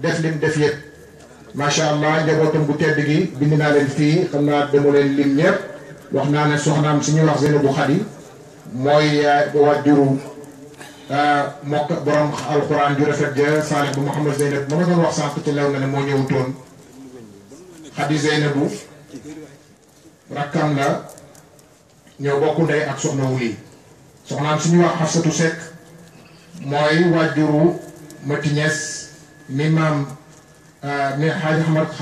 def lim def yëpp macha allah njabootam bu tedd gi bind naa leen fii xam naa dama leen lim ñëpp wax naa ne soxnaam suñuy wax eh, eh, wax sànq ci lew moo ñëwutoon Xadi Zeynabu rakkam la ñoo bokk ndey mooy wàjjuru Mati Ñas mi maam ah, mi xaaji ah, Ahmad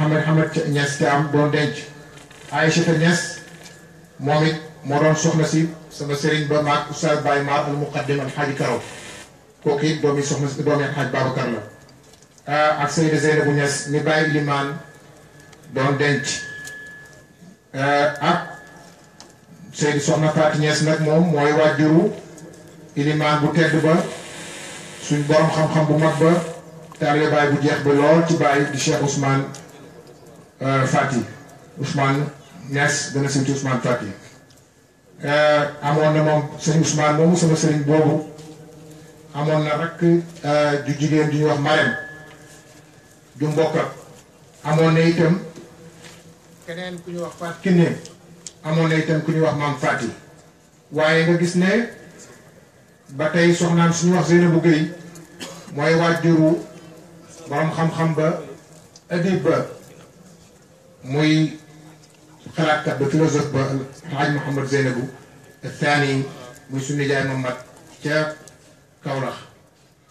Ahmad Ahmad Niass te am doon denc Aïchata Niass moom it moo doon soxna si sama sëriñ ba maag Oustaz Baye Mar al muqaddim al xaaji Karaw kooku it doomi soxna si doomi xaaj Babacar la ah, ak Seyda Zeynabu Niass mi bàyyi limaan doon denc ak Seydi Soxna Faati Niass nag moom mooy wàjjuru ilimaan bu tedd ba suñ borom xam-xam bu mag ba taale baay bu jeex ba lool ci baay di Cheikh Ousmane euh, Fati Ousmane Niass gën a siiw ci Ousmane Fati euh, amoon na moom sëñ Ousmane moomu sama sëriñ boobu amoon na rakk euh, ju jigéen ju ñuy wax Marème ju mbokk amoon na itam keneen ku ñuy wax Fat Kiné amoon na itam ku ñuy wax maam Fati waaye nga gis ne ba tey soxnaam suñu wax Zeynabu Gueye mooy waajuru borom xam-xam ba adib ba muy xalaatkat ba philosophe ba alxaaj Mouhamad Zeynabu Thani muy suñu nijaay moom ca kawrax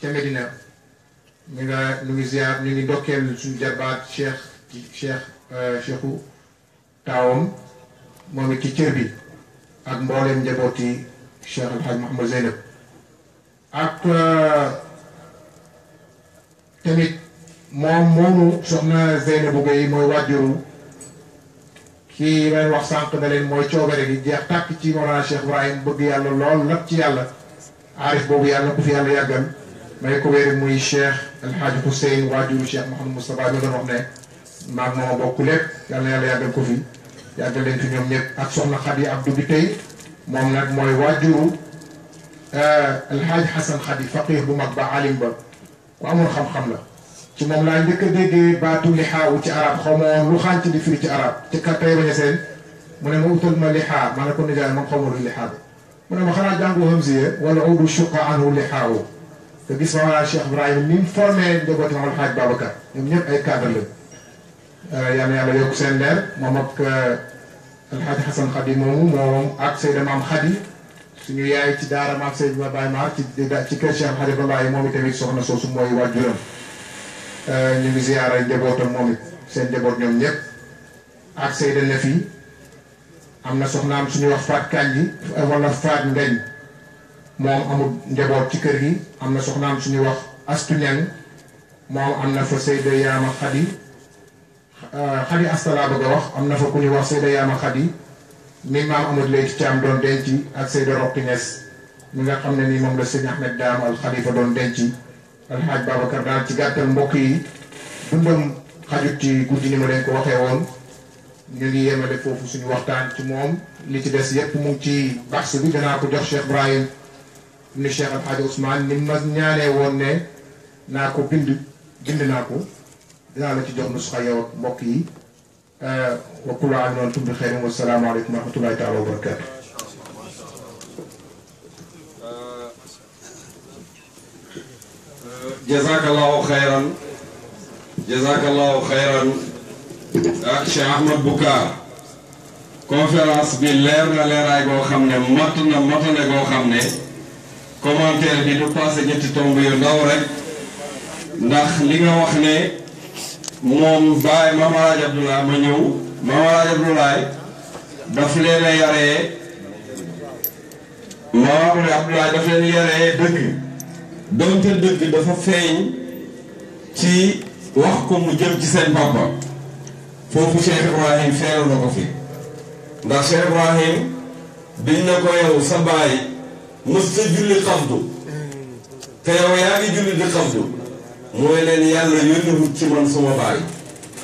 ca Medina ñu nga ñu ngi ziar ñu ngi ndokkeel suñu jarbaat cheikh cheikh euh, cheikhu taawam moom it ci cër bi ak mbooleem njabooti cheikh alxaaj Mouhamad Zeynab ak euh, tamit moom moomu soxna Zeynabu Gaye mooy wàjjuru kii may wax sànq na leen mooy coobare gi jeex tàkk ci Mawlana Cheikh Ibrahim bëgg yàlla lool lap ci yàlla aarif boobu yàlla ku fi yàlla yàggal may ko wéere muy Cheikh El Hadj Hussein wàjjuru Cheikh Mouhamadou Moustapha mi doon wax ne maag mooma bokk lépp yàlla yàlla ko fi yàggal ñëpp ak soxna Khady Abdou bi moom nag mooy wàjjuru euh, El Hadj Hassan Khady faqih bu mag ba alim ba ku amoon xam-xam la ci moom laa njëkk a déggee baatu lixaawu ci arab xaw ma woon lu ci arab ci kattay ñeseen mu ne ma utal ma lixaa ma ne ko nijaay man xaw ma lu lixaa bi mu ne ma xanaa jàngu hamziya wala udu shuqa anhu lixaawu te gis ma maanaam Cheikh Ibrahima ni mu formé ma alxaaj Babacar ñoom ñëpp ay cadre la euh, yal na yàlla yokk seen leer moom ak euh, alxaaj Xasan Xadi moomu ak Seyda Maam Xadi suñu yaay ci daara maam Seyda Baye Mar ci ci kër Cheikh Xadi Babaye Euh, ñu ngi ziyaara njabootam moom it seen njaboot ñoom ñëpp ak Seyda na fii am na soxnaam suñuy wax faat kanji wala faat ndeñ moom amul ci kër gi am na soxnaam suñuy wax astu am na fa Seyda yaama xadi xadi euh, astala bëgg wax am na fa ku ñuy wax Seyda yaama xadi mi maam amul léegi caam doon denc ak Seyda Roqi Ñas mi nga xam ne nii moom la sëñ Ahmed Daam al Xalifa doon denc yi alxaaj Babacar daal ci gàttal mbokk yi dundam xajut ci guddi ni ma leen ko waxee woon ñu ngi yemale foofu suñu waxtaan ci moom li ci des yépp mu ci baxs bi danaa ko jox Cheikh Ibrahim ni Cheikh alxaaj Ousmane ni ma ñaanee woon ne naa ko bind bind naa ko dinaa la ci jox nusxa yow mbokk yi wa kullu aam wa antum bi xeyrin wa salaamu aleykum wa wa barakatu jazakallahu xayran jazakallahu xayran ah Ahmad Boucar conférence bi leer na leeraay goo xam ne mat na matane goo xam ne commentaire bi du passé ñetti tomb yu ndaw rek ndax li nga wax ne moom baay Maam Alaaji Abdoulaye ma ñëw Maam Alaaji Abdoulaye daf leen a yaree Maam Alaaji Abdoulaye daf leen yaree dëgg donte dëgg dafa feeñ ci wax ko mu jëm ci seen papa foofu Cheikh Ibrahim feeral na ko fi ndax Cheikh Ibrahim biñ ne ko yow sa baay mës sa julli xamdu te yow yaa ngi julli di xamdu mooy leen yàlla yónniwut ci man suma baay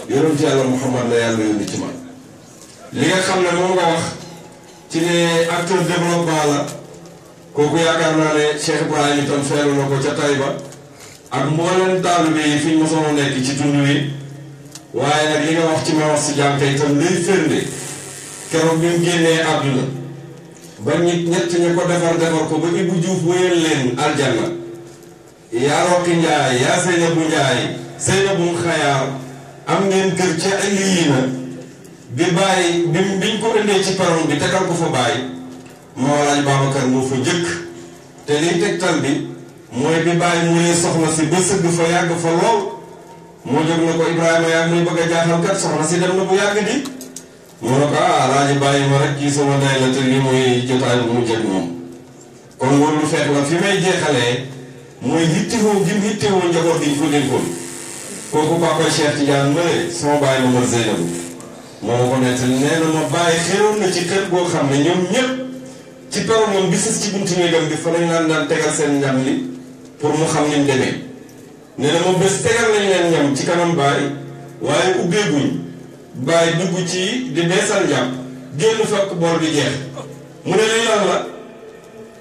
yonent yàlla Muhammad la yàlla yónni ci man li nga xam ne moom nga wax ci ne acteur développement la kooku yaakaar naa ne Cheikh Ibrahima itam feeru na ko ca Taïba ak mbooleem taalibe yi fi ñu mosoon a nekk ci tund wi waaye nag li nga wax ci ma wax si jànke itam luy firnde keroog bi mu génnee àdduna ba nit ñett ñu ko defar defar ko ba Ibou Diouf wéyal leen aljanna yaa Roqi Njaay yaa Seynabou Njaay Seynabou Xayaar am ngeen kër ca lii na bi bàyyi bi biñ ko indee ci paron bi tegal ko fa bàyyi moo laaj Babacar moo fa jëkk te liy tegtal bi mooy bi bàyyi mu ne si ba sëgg fa yàgg fa lool moo jóg na ko Ibrahima yaa ngi bëgg a jaaxal kat soxna si dem na bu yàgg di mu ne ko ah nee na ma bàyyi xéeroon na ci kër goo xam ne ñoom ñëpp ci peru moom bisis ci buntu néegam bi fa lañ naan daan tegal seen ñam li pour mu xam ni mu demee na moom bés tegal nañ leen ñam ci kanam baay waaye ubbeeguñ baay dugg ci di beesal jàpp génn fekk bool bi jeex mu ne leen yàlla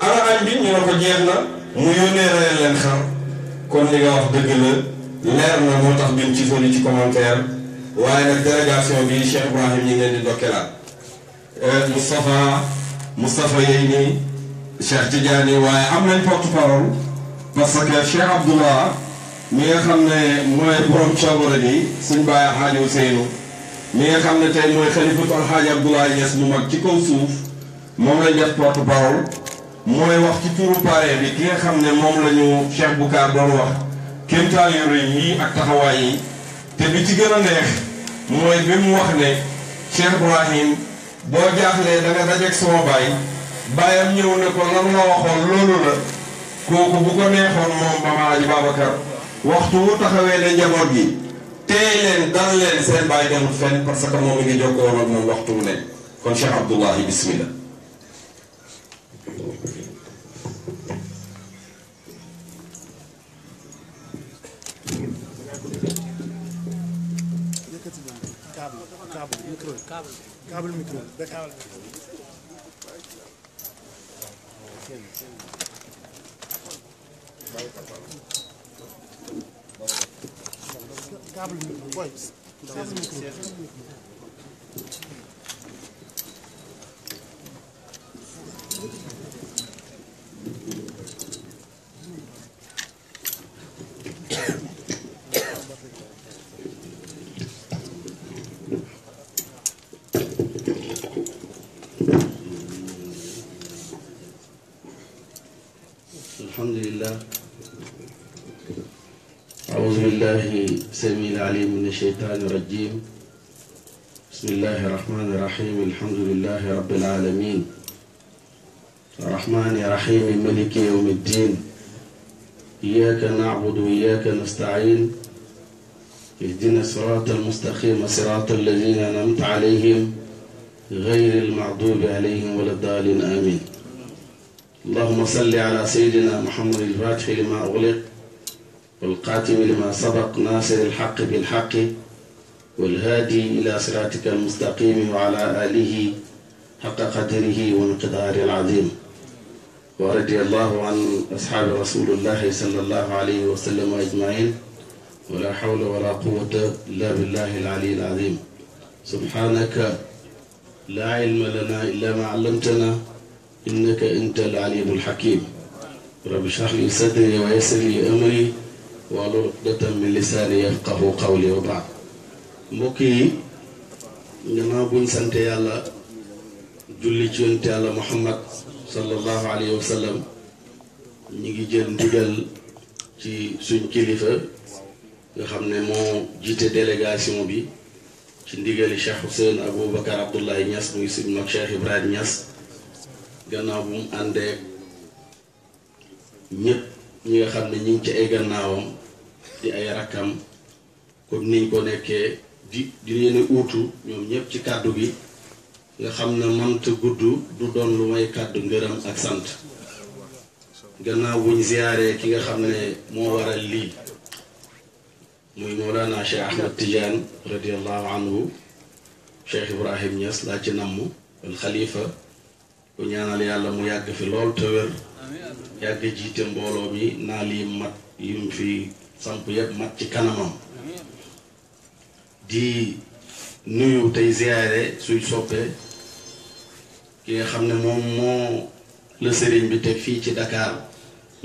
ana añ bi ñu ne ko jeex na mu yónnee rayal leen xar kon li nga wax dëgg la leer na moo tax biñ ci soli ci commentaire waaye nag délégation bi Cheikh Ibrahim ñi ngeen di ndokkeelaat eh, Moustapha Moustapha yooyu nii Cheikh Tidiane waaye am nañ porte-parole parce que Cheikh Abdoulah mi nga xam ne mooy borom coobara bi suñ bàyyi Alxaaji Ousseynou mi nga xam ne tey mooy xalifatu Alxaaji Abdoulaye Niass mu mag ci kaw suuf moom lañ def porte-parole mooy wax ci turu pare bi ki nga xam ne moom lañu ñu Cheikh Boucar doon wax kéemtaan yu rëy yi ak taxawaay yi te bi ci gën a neex mooy bi mu wax ne Cheikh Ibrahim boo jaaxlee da nga dajeeg sama baay ñëw ne ko lan la waxoon loolu la kooku bu ko neexoon moom ba Alaaji Babacar waxtu wu taxawee ne njaboot gi tey leen dal leen seen baay demul fenn parce que moom mi ngi jokkoon moom waxtu wu ne kon Cheikh Abdoulahi bismillah câble micro câble micro boy câble micro الشيطان الرجيم بسم الله الرحمن الرحيم الحمد لله رب العالمين الرحمن الرحيم ملك يوم الدين إياك نعبد وإياك نستعين اهدنا الصراط المستقيم صراط الذين أنعمت عليهم غير المغضوب عليهم ولا الضالين آمين اللهم صل على سيدنا محمد الفاتح لما أغلق والقاتم لما سبق ناصر الحق بالحق والهادي إلى صراطك المستقيم وعلى آله حق قدره ومقداره العظيم ورضي الله عن أصحاب رسول الله صلى الله عليه وسلم أجمعين ولا حول ولا قوة إلا بالله العلي العظيم سبحانك لا علم لنا إلا ما علمتنا إنك أنت العليم الحكيم رب اشرح لي صدري ويسر لي أمري wal uqdatan min lisaani yafqahu qawli wa baad mbokk yi gannaaw buñ sante yàlla julli ci yonent yàlla muhammad sallallahu alayhi wa sallam ñu ngi jël ndigal ci suñ kilifa nga xam ne moo jiite délégation bi ci ndigali Cheikh Hussein Aboubacar Abdoulaye Niass muy suñu mag Cheikh Ibrahima gannaaw bu mu àndee ñëpp ñi nga xam ne ñi ngi ci ay gannaawam di ay rakkam comme niñ ko nekkee di di leen uutu ñoom ñëpp ci kàddu gi nga xam na mant gudd du doon lu may kàddu ngërëm ak sant gannaaw buñ ziyaaree ki nga xam ne moo waral lii muy Mawlana Cheikh Ahmed Tidiane radiallahu anhu Cheikh Ibrahim Niass laa ci namm al xalifa ku ñaanal yàlla mu yàgg fi lool te wér yàgg jiite mbooloo mi naa lii mat yim fi samp yëpp mat ci kanamam di nuyu tey ziyaare suy soppee ki nga xam ne moom moo la sëriñ bi teg fii ci Dakar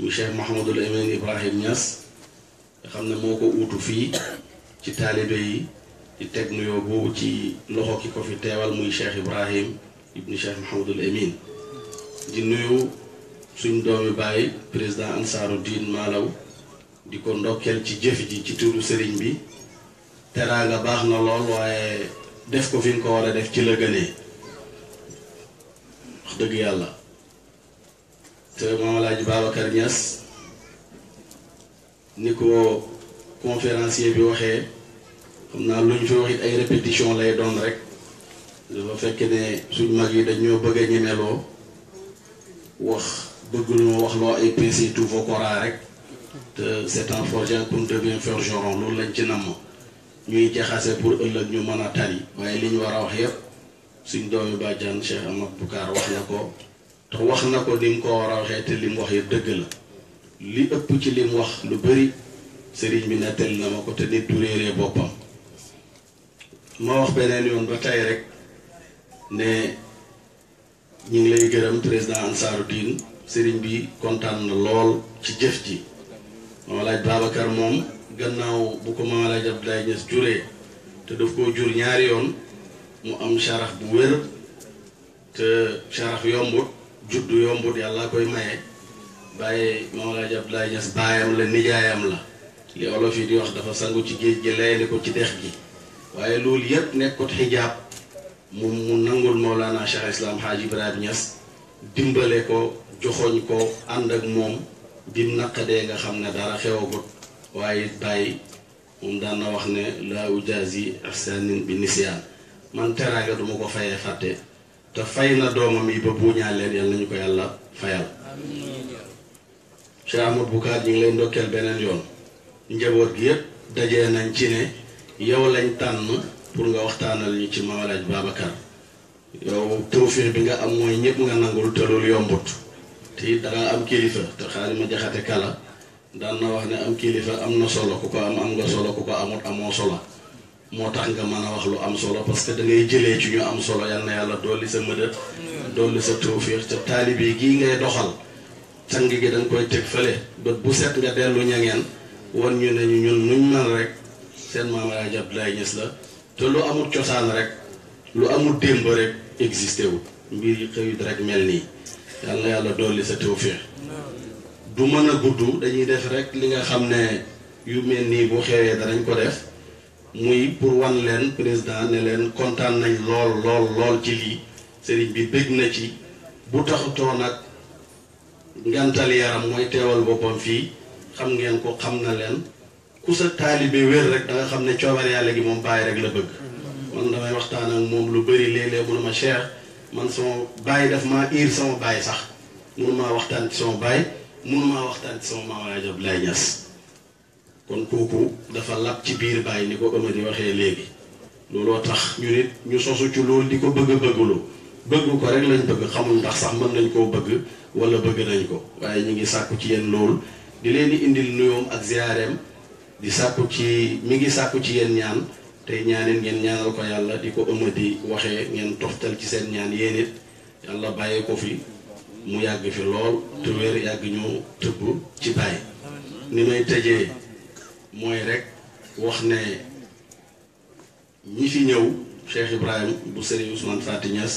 mu Cheikh Mouhamadul Amin Ibrahim Niass nga xam ne moo ko uutu fii ci taalibe yi di teg nuyoo boobu ci loxo ki ko fi teewal muy Cheikh Ibrahim ibni Cheikh Mouhamadul Amin di nuyu suñ doomi bàyyi président Ansaaru Diin Malaw di ko ndokkeel ci jëf ji ci turu sëriñ bi teraanga baax na lool waaye def ko fi nga ko war a def ci la gënee wax dëgg yàlla te Maam Alaaji Babacar Niass ni ko conférencier bi waxee xam naa lu ñu fi wax ay répétition lay doon rek dafa fekk ne suñ mag yi dañoo bëgg a ñemeloo wax bëgg lu wax loo ay PC tout vocorat rek te c'est en forgeant qu'on devient forgeron loolu lañ ci namm ñuy jaxase pour ëllëg ñu mën a tari waaye li war a wax yëpp suñ doomi bàjjan Cheikh Ahmad Boucar wax na ko te wax na ko ni mu ko war a waxee te li mu wax yëpp dëgg la li ëpp ci li wax lu bëri sëriñ bi nettali na ma ko te nit du réeree boppam ma wax beneen yoon ba tey rek ne ñu ngi lay gërëm président Ansaarud-Din sëriñ bi kontaan na lool ci jëf ji Maam Laaj moom gannaaw bu ko Maam Laaj Abdoulaye Niass juree te daf koo jur ñaari yoon mu am sarax bu wér te sarax yombut juddu yombut yàlla koy maye bàyyi Maam Laaj Abdoulaye Niass baayam la nijaayam la li olof yi di wax dafa sangu ci géej gi layandi ko ci dex gi waaye loolu yépp nekkut xijaab mu nangul Mawlana Cheikh Islam Hadj Ibrahim Niass dimbale ko joxoñ ko ànd ak moom bim naqadee nga xam ne dara xewagut waaye it bàyyi moom daan na wax ne laa ujaazi ihsaanin bi nisyaan man teraanga duma ko fayee fàtte te fay na doomam yi ba buuñaa leen yal nañu ko yàlla fayal Cheikh Ahmad Bukaat ñu ngi ndokkeel beneen yoon njaboot gi yépp dajee nañ ci ne yow lañ tànn pour nga waxtaanal ñu ci Maam El Hadj Babacar yow bi nga am mooy ñëpp nga nangul te yombut te it dangaa am kilifa te xaarima jaxate kala daan na wax ne am kilifa am na solo ku ko am am nga solo ku ko amut amoo solo moo tax nga mën a wax lu am solo parce que da ngay jëlee ci ñu am solo yal na yàlla dolli sa mëdët dolli sa tawfiix te taalibe gii ngay doxal sang gi danga koy teg fële bët bu set nga dellu ñangeen wan ñu ne ñu ñun nuñ man rek seen maam El gis la te lu amul cosaan rek lu amul démb rek existé wul mbir yi xëyut rek mel nii yal yàlla dolli sa tawfiix du mën a gudd dañuy def rek li nga xam ne yu mel nii bu xewee danañ ko def muy pour wan leen président ne leen kontaan nañ lool lool lool ci lii sëriñ bi bég na ci bu taxutoo nag ngantal yaram mooy teewal boppam fii xam ngeen ko xam na leen ku sa taalibe wér rek da nga xam ne coobar yàlla gi moom bàyyi rek la bëgg man damay waxtaan ak moom lu bëri léeg-léeg mu ne man sama bàyyi daf maa iir sama bàyyi sax mënumaa waxtaan ci sama bàyyi mënumaa waxtaan ci sama maam Alaaji Abdoulaye kon kooku dafa lab ci biir bàyyi ni ko Amady waxee léegi looloo tax ñu nit ñu sosu ci loolu di ko bëgg a bëggloo bëgg ko rek lañ bëgg xamul ndax sax mën nañ koo bëgg wala bëgg nañ ko waaye ñu ngi sàkku ci yéen loolu di leen di indil nuyoom ak ziyaareem di sàkku ci mi ngi sàkku ci yéen ñaan tey ñaaneen ngeen ñaanal ko yàlla di ko di waxee ngeen toftal ci seen ñaan yéen it yàlla bàyyee ko fi mu yàgg fi lool te yàgg ñu tëbb ci bàyyi ni may tëjee mooy rek wax ne ñi fi ñëw Cheikh Ibrahim bu Serigne Ousmane Faty Niass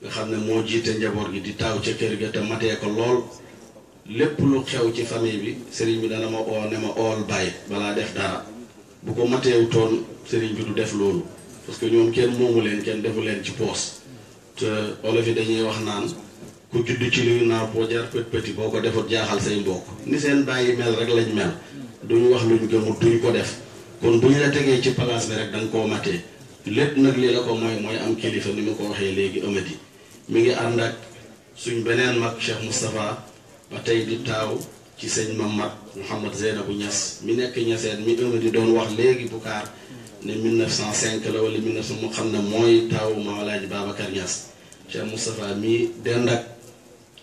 nga xam ne moo jiite njaboot gi di taaw ca kër ga te matee ko lool lépp lu xew ci famille bi Serigne bi dana ma oo ne ma ool bàyyi balaa def dara bu ko mateew toon sëriñ bi du def loolu parce que ñoom kenn moomu leen kenn defu leen ci poos te olof yi dañuy wax naan ku judd ci luy naaw boo jaar pët pëti boo ko defut jaaxal say mbokk ni seen bàyyi mel rek lañ mel duñu wax luñ gëmut duñ ko def kon bu ñu la tegee ci place bi rek da nga koo matee lépp nag lii la ko mooy mooy am kilifa ni ma ko waxee léegi yi mi ngi ànd ak suñ beneen mag Cheikh Moustapha ba tey di taaw ci sëñ Mamad Mouhamad Zeynabu Niass mi nekk Niassène mi ëmb di doon wax léegi Bukaar ne 1905 la wala 19 mu xam ne mooy taawu Mawalaaji Babacar Niass Cheikh Moustapha mi dend ak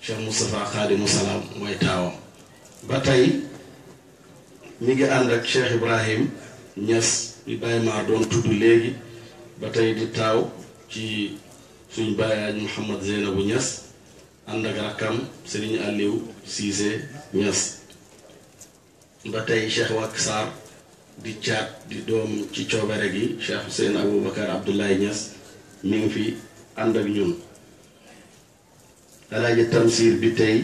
Cheikh Moustapha Xaadimu Salaam mooy taawam. ba tey mi ngi ànd ak Cheikh Ibrahim Niass bi Baye doon tudd léegi ba tey di taaw ci suñ bàyyi Mouhamad Zeynabu Niass. ànd ak rakkam Serigne Aliou Cissé Niass ba tey Cheikh Wack di caat di doom ci coobare gi Cheikh Hussein Aboubacar Abdoulaye Niass mi ngi fi ànd ak ñun alaaji Tamsir bi tey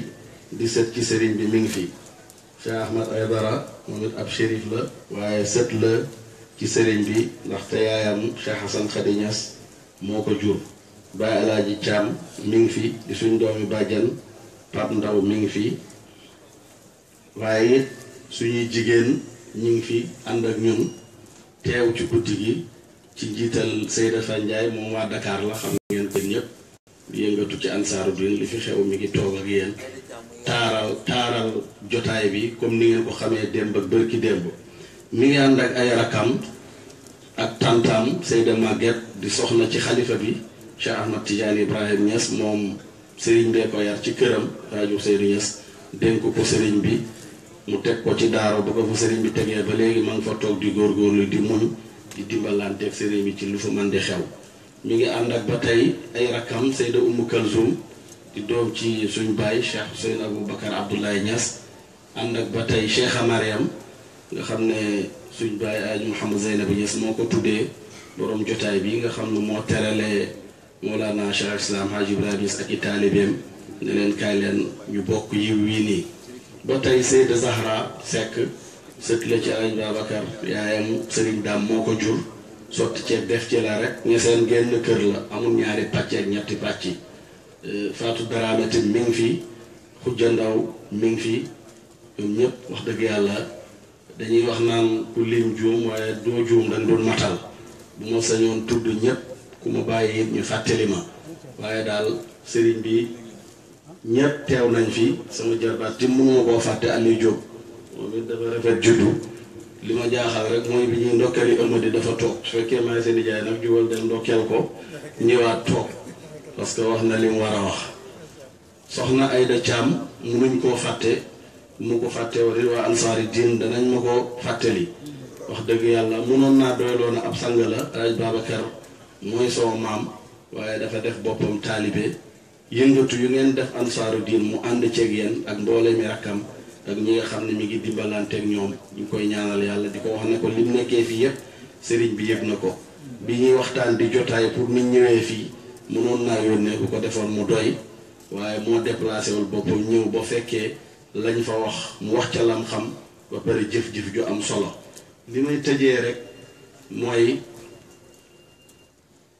di set ci sëriñ bi mi ngi fi Cheikh Ahmad Aydara moom it ab shérif la waaye set la ci sëriñ bi ndaxte yaayam Cheikh Hassan Khady Niass moo ko jur Baye Alaaji Caam mi ngi fi di suñ doomi bàjjan Pape Ndaw mi ngi fi waaye it suñuy jigéen ñi ngi fi ànd ak ñun teew ci guddi gi ci njiital Seyda Sanjaay moom waa dakaar la xam ngeen ko ñëpp yëngatu ci ansaaru din li fi xew mi ngi toog ak yéen taaral taaral jotaay bi comme ni ngeen ko xamee démb ak bërki démb mi ngi ànd ak ay rakam ak tantam Seyda Maguette di soxna ci xalifa bi Cheikh Ahmad Tidiane Ibrahim Niass moom Serigne bee ko yar ci këram rajo Serigne Niass dénk ko Serigne bi mu teg ko ci daaro bu ko fa Serigne bi tegee ba léegi ma fa toog di góorgóorlu di muñ di dimbalanteeg Serigne bi ci lu fa man di xew. mu ngi ànd ak ba tey ay rakam Seyda Umu Kalsum di doom ci suñ baay Cheikh Hussein Aboubacar Abdoulaye Niass ànd ak ba tey Cheikh Mariam nga xam ne suñ baay aaj Mouhamed Zeynab Niass moo ko tuddee borom jotaay bi nga xam ne moo Mawlana Cheikh Islam Hadj Ibrahima ak i taalibeem ne leen kaay leen ñu bokk yiw wii nii ba tey Seyda Zahra Seck sët ci Alañ Babacar yaayam Sëriñ Daam moo ko jur sotti ceeb def ci la rek ñu seen génn kër la amul ñaari pàcc ñetti pàcc euh, Fatou Dramé tamit mi ngi fi Khoudia Ndaw mi ngi fi ñoom ñëpp wax dëgg yàlla dañuy wax naan ku lim juum waaye doo juum dañ doon matal bu ma sañoon tudd ñëpp. ku mu bàyyi it ñu fàttali ma waaye daal sëriñ bi ñëpp teew nañ fi sama jarbaat tim mënuma koo fàtte Aliou Diop moom it dafa rafet juddu li ma jaaxal rek mooy bi ñuy ndokkeeli ëmb di dafa toog su fekkee maay seen nijaay nag jubal dem ndokkeel ko ñëwaat toog parce que wax na li war a wax soxna Aïda mu nuñ koo fàtte mu ko fàtte wala waa Ansaari Diin danañ ma ko fàttali wax dëgg yàlla mënoon naa doyloon ab sang la Babacar mooy sama maam waaye dafa def boppam taalibe yëngatu yu ngeen def ansaaru diin mu ànd ceeg yéen ak mboole mi rakkam ak ñi nga xam ne mi ngi dimbalanteeg ñoom ñu koy ñaanal yàlla di ko wax ne ko lim nekkee fii yëpp sëriñ bi yëpp na ko bi ñuy waxtaan di jotaay pour nit ñëwee fii mënoon naa yónnee ku ko defoon mu doy waaye moo déplacé wul boppam ñëw ba fekkee lañ fa wax mu wax ca lam xam ba pare jëf-jëf ju am solo li may tëjee rek mooy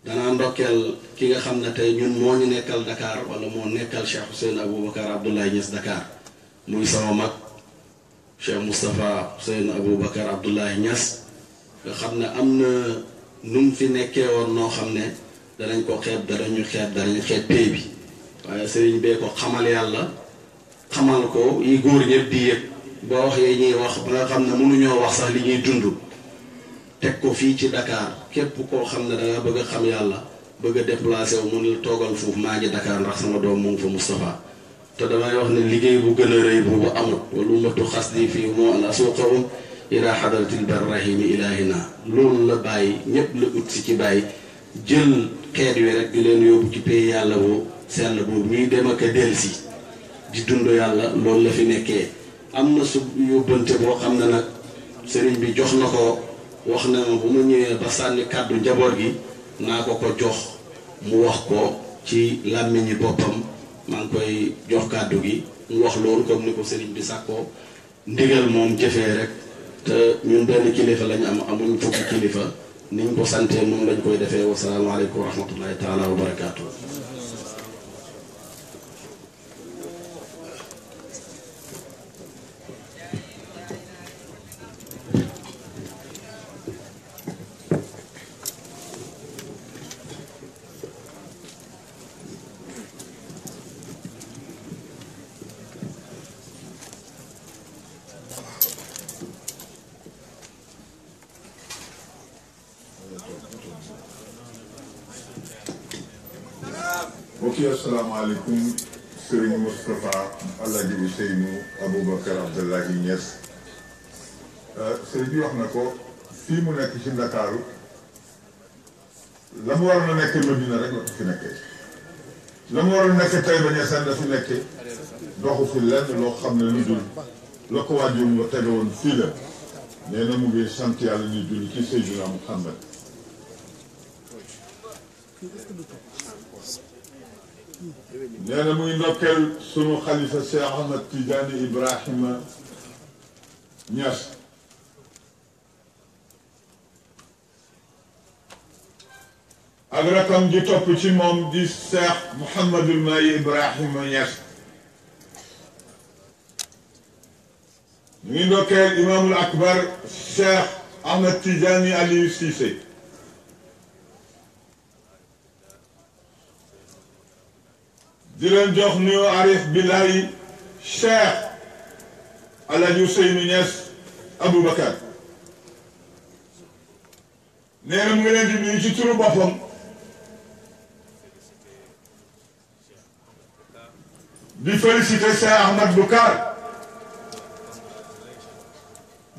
danaa ndokkeel ki nga xam ne tey ñun moo ñu nekkal Dakar wala moo nekkal Cheikh Hussein Aboubacar Abdoulaye Niass Dakar muy sama mag Cheikh mustafa Hussein Aboubacar Abdoulaye Niass nga xam ne am na nu mu fi nekkee woon noo xam ne danañ ko xeeb danañu xeeb danañ xeeb pay bi waaye sëriñ bee ko xamal yàlla xamal ko yi góor ñëpp di boo wax yee ñuy wax ba nga xam ne mënuñoo wax sax li ñuy dund teg ko fii ci Dakar képp koo xam ne da bëgg xam yàlla bëgg a déplacé wu mu ne toogal foofu maa ngi Dakar ndax sama doom mu ngi fa Moustapha te damay wax ne liggéey bu gën a rëy boobu amut walu matu xas di fii moo an asuqahum ila xadratil barrahimi naa loolu la bàyyi ñépp la ut si ci bàyyi jël xeet wi rek di leen yóbbu ci pay yàlla boo sell boobu muy dem ak a si di dund yàlla loolu la fi nekkee am na su yóbbante boo xam ne nag sëriñ bi jox na ko wax na ma bu mu ñëwee ba sànni kàddu njaboot gi naa ko ko jox mu wax ko ci làmmiñi boppam maa ngi koy jox kàddu gi mu wax loolu comme ni ko sëriñ bi sàkkoo ndigal moom jëfee rek te ñun benn kilifa lañ am amuñ fukki kilifa niñ ko santee moom lañ koy defee wasalaamaaleykum wa rahmatullahi taala wa barakaatu. asalaamaaleykum Serigne Moustapha Alaaji Ousseynou Aboubacar Abdallahi Niass euh, sëriñ bi wax na ko fii mu nekk ci Ndakaaru la mu waroon a nekk Medina rek la ko fi nekkee la mu waroon a nekk Taïba la fi nekkee doxu fi lenn loo xam ne lu dul la ko waajurum ba tege woon fii la nee na mu ngi sant yàlla ñu julli ci Seydina Muhammad nee na muy sunu xalifa Cheikh Ahmad Tidiane Ibrahima Niass ak rakam ji topp ci moom di Cheikh Mouhamadul Mahi Ibrahima Niass muy ndokkeel imaamul akbar Cheikh Ahmad Tidiane Aliou Cissé di leen jox nuyu arif billahi cheikh alhaji Ousseynou Niass Aboubacar nee mu ngi leen di ci turu boppam di féliciter Cheikh Ahmad Boucar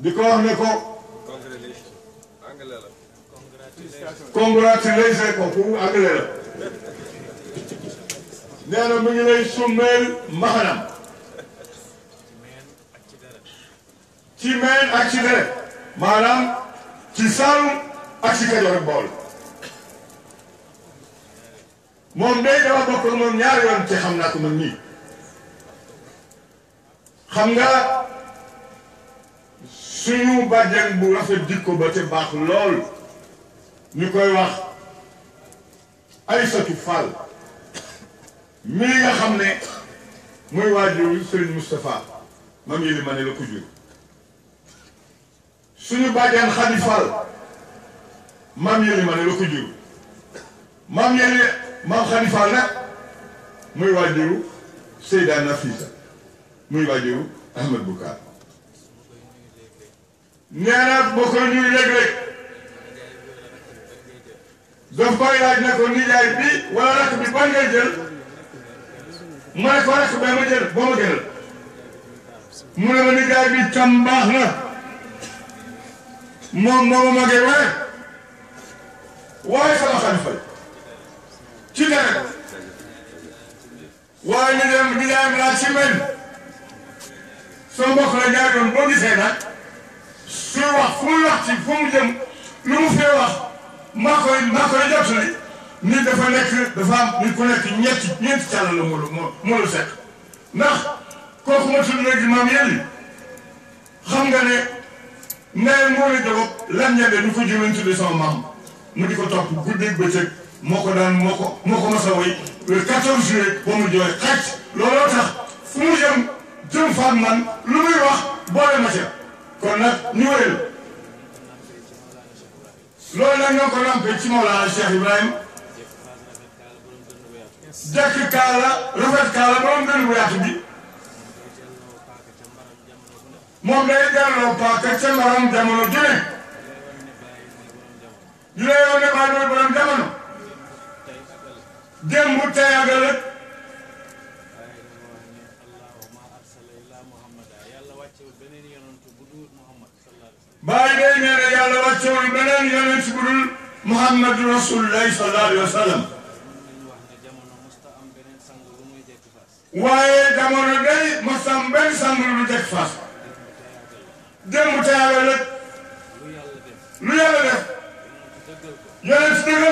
di ko wax ne ko congratulation ko pour anglais la nee na mu summeel mbaxanam ci meen ak ci deret maanaam ci Saalum ak ci Kajoor ak Bawol moom day dama bokk ak moom ñaari yoon xam naa ko man nii xam nga suñu bàjjan bu rafet jikko ba te baax lool ñu koy wax Aysatu Fall mi nga xam ne muy waajur Serigne Moustapha mam yéli ne la ko suñu bàjjeen Khady mam yéli ne la ko mam yéli mam Khady Fall muy waajur Seyda Nafisa muy waajur Ahmed Boucar nee na boo ko ñuy léeg-léeg daf laaj ne ko nijaay bi wala rakk bi ban ngay jël mu ne ko rek ba ma jël boo ma mu ne ma nijaay bi tam na moom moo ma magee waaye waaye sama xalifa ci dara waaye ñu dem nijaayam laa ci mel soo mbokk la ñaari yoon boo gisee nag suy wax fu muy wax ci fu mu jëm lu mu wax maa koy maa koy jot nit dafa nekk dafa am nit ku nekk ñetti ñeenti càll la moolu moo moolu fekk ndax kooku ma tudd léegi ko jëmen tudde mu di ko topp moo ko daan ko moo ko mas a woy le 14 juillet ba mu jooy xaj looloo tax fu mu lu muy wax boole ma ca kon nag ñu wéyal loolu nag ñoo ko lampee ci Mawlaana Cheikh Ibrahima jekk kaala rafet kaala borom gën bu yaatu bi moom day delloo paaka ca mbaram jamono ju ne ñu lay yow ne baay mooy borom jamono démb tey ak ëllëg baay day nee na yàlla wàcce woon beneen yonent bu dul Muhammad Rasulullahi sallallahu alayhi wa sallam waaye jamono day ma sàmm benn sàmm lu teg fas démb tayaale rek lu yàlla ko lu yàlla def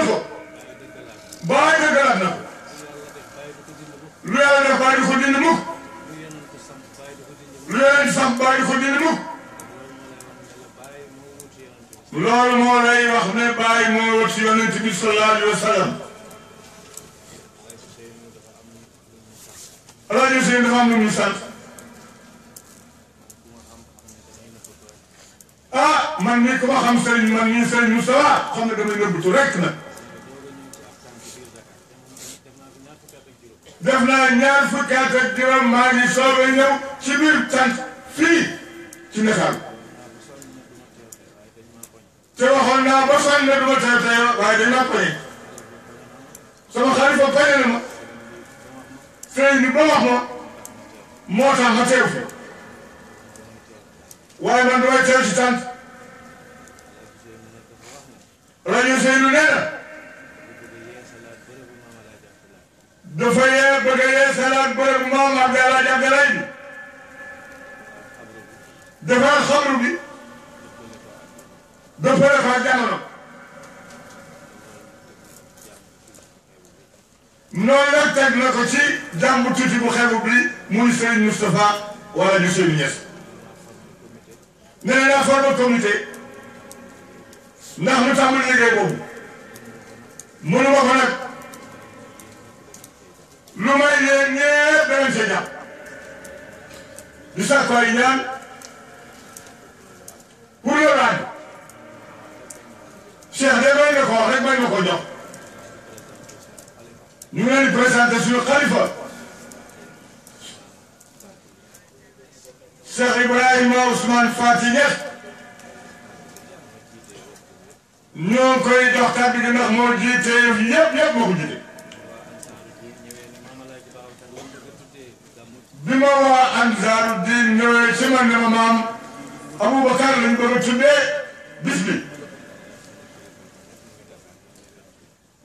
baay di ko dindi mukk ko dindi mukk loolu moo lay wax ne baay moo wut si yonent bi sallallahu alaaji Ousseynou dafa am lu muy ah man mii ku xam Serigne man mii Serigne Moustapha xam ne damay nëbbutu rek nag def naa ñaar fukki at ak juróom maa ngi soobee ñëw ci ci Ndakaaru te waxoon naa ba sonn ne du ma teew tey waaye dañ ma poñe sama feeñ ni ba wax moo tax ma teew fa waaye man damay teew ci tànk rajo Seydou nee na dafa yee bëgg a yee salaat bërëbu maam Abdalaa Jàppalaay xelub li muy Serigne Moustapha wala ñu Serigne Niass nee na daa forme comité ndax tax mu liggéey boobu mënu ma ko lu may yéen ñëpp danañ sa jàpp di sàkku ay ñaan pour le raad de may nga ko rek may ma ko ñu ngi leen di présenté Cheikh Ibrahima Ousmane Fati ñett ñoo koy jox kàddu gi ndax jiite yëf yëpp yëpp moo jiite. bi ma waa Ansaaru Diin ñëwee ci man ne ma maam Aboubacar lañ bëgg a tuddee bis bi.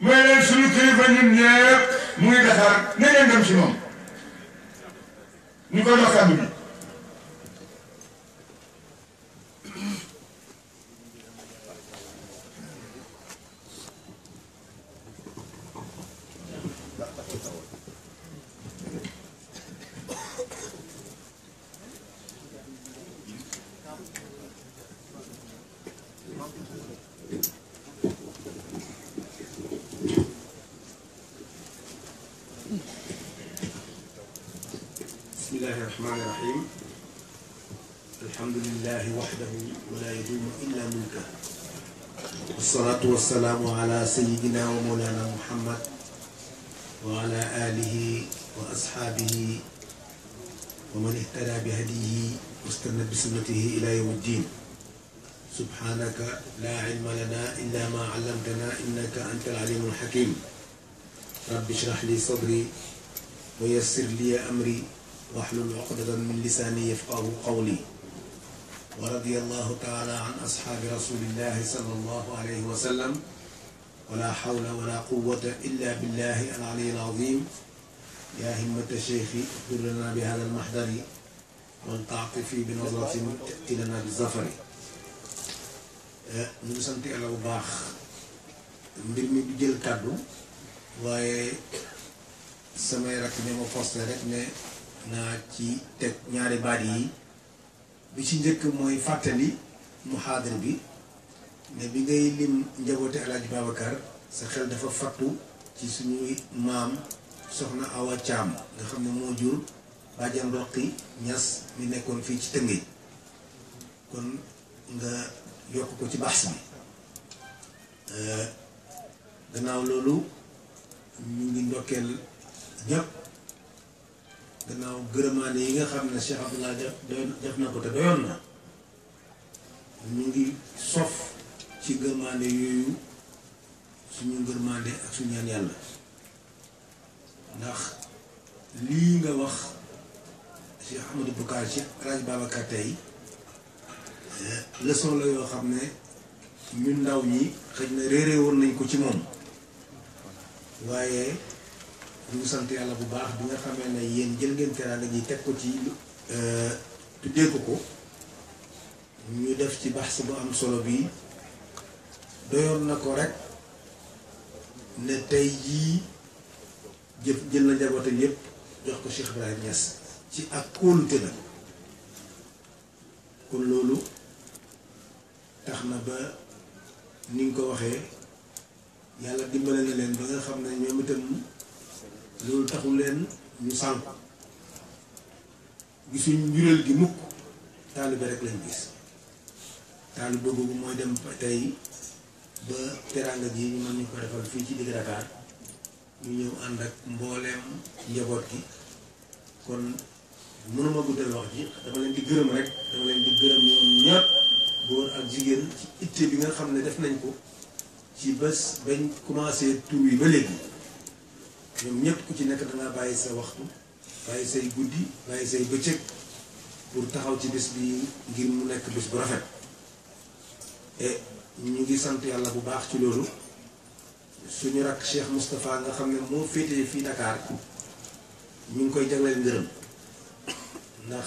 mooy leen suñu kilifa ñun ñëpp mu ngi defar na ngeen dem ci moom ñu koy jox kàddu gi. salaatu wa salaamu ala sayyidina wa mawlana muhammad wa ala alihi wa ashaabihi wa man ihtada bi hadihi wastanna bi sunnatihi ila yawmi ddin subhanaka la ilma lana illa ma allamtana innaka anta al-alimu al-hakim rabbi shrah li sadri wa yassir li amri wahlul uqdatan min lisani yafqahu qawli wa radiyallahu taala an ashaabi rasulillahi sallallahu alayhi wa sallam wala xawla wala quwwata illa billahi al ali al azim yaa himmata sheikhi dur lana bi hada al mahdari wan taatifi bi nazratin tati lana bi zafari ñu ngi sant yàlla bu baax mbir mi du jël kàddu waaye samay rakk ne ma posté rek ne naa ci teg ñaari baat yi bi ci njëkk mooy fàttali muhaadara bi ne bi ngay lim njaboote alaaji Babacar sa xel dafa fattu ci suñuy maam soxna Awa Caam nga xam ne moo jur bàjjan ñas mi nekkoon fii ci tëngéej kon nga yokk ko ci baax bi euh, gannaaw loolu ñu ngi ndokkeel ñëpp gannaaw gërëmaande yi nga xam ne Cheikh Abdallah def na ko te doyoon na ñu ngi sof ci gërëmaande yooyu suñu gërëmaande ak suñu yàlla ndax lii nga wax Cheikh Ahmadou Boucar ci Alaaji Babacar tey leçon la yoo xam ne ñun ndaw ñi xëj na réeré woon nañ ko ci moom waaye ñu sant yàlla bu baax bi nga xamee ne yéen jël ngeen teraanga ji teg ko ci tuddee euh, ko ko ñu def ci baax si bu am solo bii doyoon na ko rek ne tey jii jëf jël na njabootam yépp jox ko ci Ibrahima Niass ci ak kóolute na kon loolu tax na ba ni nga ko waxee yàlla dimbale na leen ba nga xam ne ñoom itam loolu taxul leen ñu sànq gisuñ njuréel gi mukk taalibe rek lañ gis taalibe boobu mooy dem tey ba teraanga ji ñu mën ñu ko defal fii ci digg Dakar ñu ñëw ànd ak mbooleem njaboot gi kon mënuma guddal wax ji dama leen di gërëm rek dama leen di gërëm ñoom ñëpp góor ak jigéen ci itte bi nga xam ne def nañ ko ci bés bañ commencé tur yi ba léegi ñoom ñëpp ku ci nekk dangaa bàyyi sa waxtu bàyyi say guddi bàyyi say bëccëg pour taxaw ci bés bi ngir mu nekk bés bu rafet et ñu ngi sant yàlla bu baax ci loolu suñu rakk Cheikh Moustapha nga xam ne moo féetee fii Dakar ñu ngi koy jagleel ngërëm ndax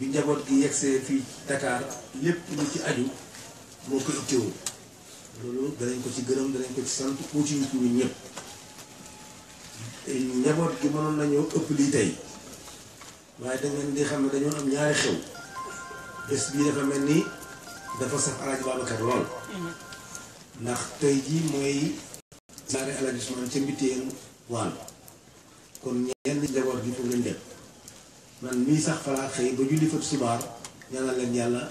njaboot gi yegsee fii Dakar lépp lu ci aju moo ko itteewu loolu danañ ko ci gërëm danañ ko ci sant uti ñu ñëpp. njaboot gi mënoon nañoo ëpp lii tey waaye da ngeen xam ne dañoo am ñaari xew bés bii dafa mel ni dafa sax Alaaji Babacar lool ndax tey jii mooy ñaari Alaaji Usmaan ca mbitéen waal kon ñenn njaboot gi foofu leen dem man mii sax falaa xëy ba julli fa subaar ñaanal leen yàlla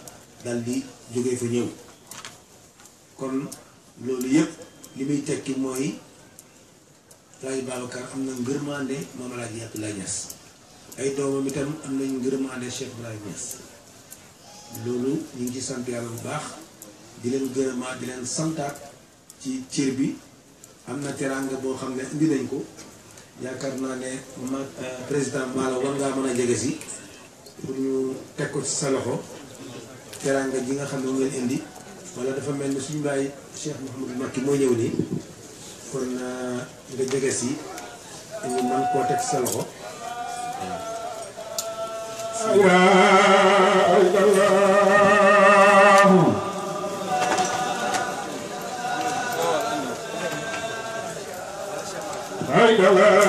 dal di jógee fa ñëw kon loolu yëpp li muy tekki mooy Alaaji Babacar am na ngërmande moom Alaaji Abdoulaye Niass ay doomam itam am nañu ngërmande Cheikh Ibrahim Niass loolu ñu ngi ci sant yàlla bu baax di leen gërëmaa di leen santaat ci cër bi am na teraanga boo xam ne indi nañ ko yaakaar naa ne ma euh, président Mala war ngaa mën a jege si pour ñu teg ko ci sa loxo teraanga ji nga xam ne mu ngeen indi wala dafa mel ni suñu bàyyi Cheikh Mouhamadou Makki moo ñëw nii kon euh, nga jege si ñu mën koo teg sa loxo Ay, galera!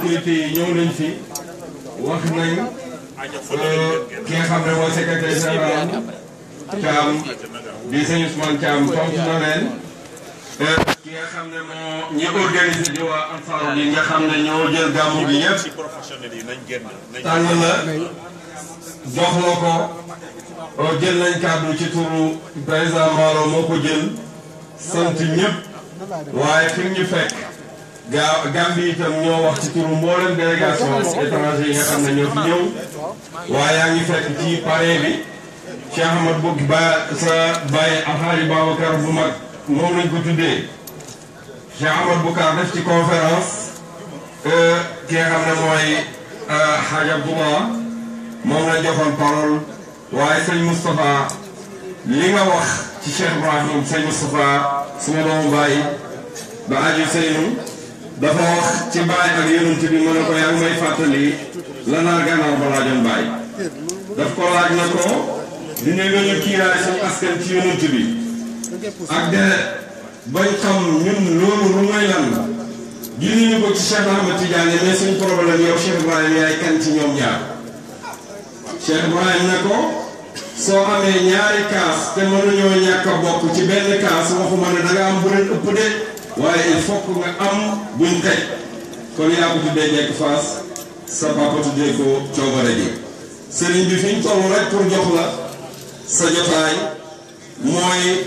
autorités yi ñëw nañ fi wax nañ euh, ki nga xam ne mooy secrétaire général Thiam di sëñ Ousmane Thiam tontu na euh, ki nga xam ne moo ñi organisé di waa Ansaar bi nga xam ne ñoo jël gàmmu bi yëpp tànn la jox la ko euh, jël nañ kàddu ci turu président Maro moo ko jël sant ñëpp waaye fi ñu fekk. gaa Gambie itam ñoo wax ci turu mboolem délégation étranger yi nga xam ne yaa ngi fekk ci pare bi Cheikh Ahmad Bokk ba sa bàyyi Alxaaji Babacar tuddee Cheikh Ahmad Boucar def ci conférence euh, ki nga xam ne mooy Xaaja euh, Bouba moom lañ joxoon parole waaye sëñ Moustapha li nga wax ci Cheikh Ibrahim sëñ Moustapha suma doomu bàyyi dafa wax ci baay ak yonent bi mu ne ko yaa may fàttali la gannaaw ba laajoon baay daf ko laaj na ko dina yónni kiiraay suñu askan ci yonent bi ak deret bañ xam ñun loolu lu may lan gisuñu ko ci Cheikh Ahmed Tidiane mais suñ problème yow Cheikh Ibrahim yaay kan ci ñoom ñaar Cheikh Ibrahim ne ko soo amee ñaari kaas te mënuñoo ñàkk a bokk ci benn kaas waxuma ne da nga am bu leen ëpp de waaye il faut que nga am buñ teg kon yaa ko tuddee nekk Fass sa papa tuddee ko coobare ji sëriñ bi fi ñu toll rek pour jox la sa jotaay mooy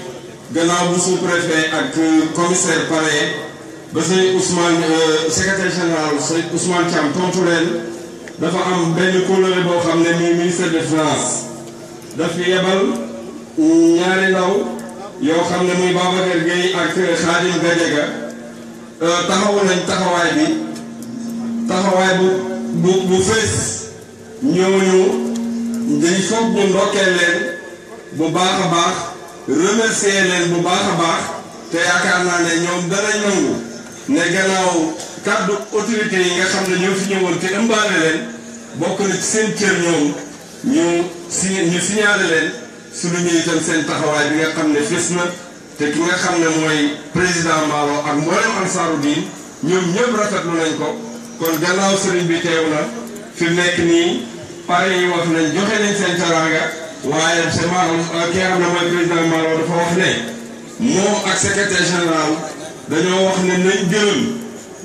gannaaw bu sous-préfet ak commissaire pare ba sëñ Ousmane euh, secrétaire général sëñ Ousmane Thiam dafa am benn kóllëre boo xam ne muy ministère de finance daf yebal ñaari ndaw. yow xam ne muy Babacar Gueye ak Khadim Gadiaga euh, taxawu nañ taxawaay bi taxawaay bu bu bu fees ñooñu day foog ñu ndokkee leen bu baax a baax leen bu baax baax te yaakaar naa ne ñoom danañ nangu ne gannaaw kàddu autorité yi nga xam ne ñoo fi ñëwoon te ëmbaale leen bokk na ci seen cër ñoom ñu si leen. su lu ñuy itam seen taxawaay bi nga xam ne fés na te ki nga xam ne mooy président Mballo ak mboolem ansaaru diin ñoom ñëpp rafetlu nañ ko kon gannaaw sëriñ bi teew na fi mu nekk nii pare yi wax nañ joxe nañ seen teraanga waaye c'est Mballo ki nga xam mooy président Mballo dafa wax ne moom ak secrétaire général dañoo wax ne nañ gërëm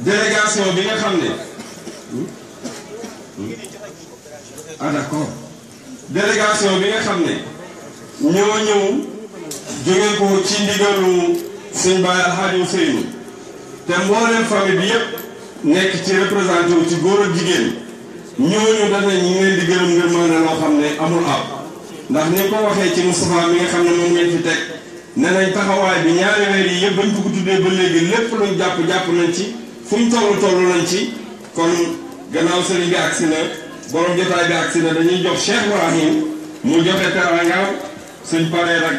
délégation bi nga xam ne ah d'accord délégation bi nga xam ne ñooñu jóge ko ci ndigalu sëñ Baye Alxaaji Ousseynou te mbooleem famille bi yëpp nekk ci représenté wu ci góor ak jigéen ñooñu daf ñu ngi di gërëm ngërëm na loo xam ne amul ab ndax ni ko waxee ci Moustapha mi nga xam ne moom ngeen teg ne nañ taxawaay bi ñaari weer yi yëpp bañ ko tuddee ba léegi lépp luñ jàpp jàpp nañ ci fuñ toll toll nañ ci kon gannaaw sëriñ bi agsi na borom jotaay bi agsi na dañuy jox Cheikh Ibrahim mu joxe teraanga suñ paree nag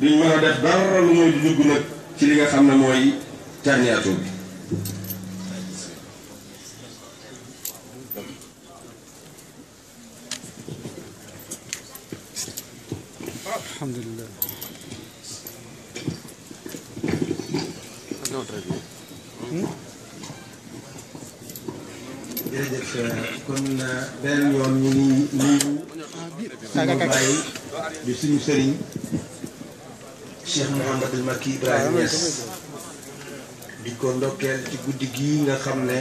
duñ mën a def dara lu mooy dugg nag ci li nga xam ne mooy tànniatu bi suñu bàyyi di suñu sëriñ Cheikh Mouhamadul Makki Ibrahima ko ndokkeel ci guddi gii nga xam ne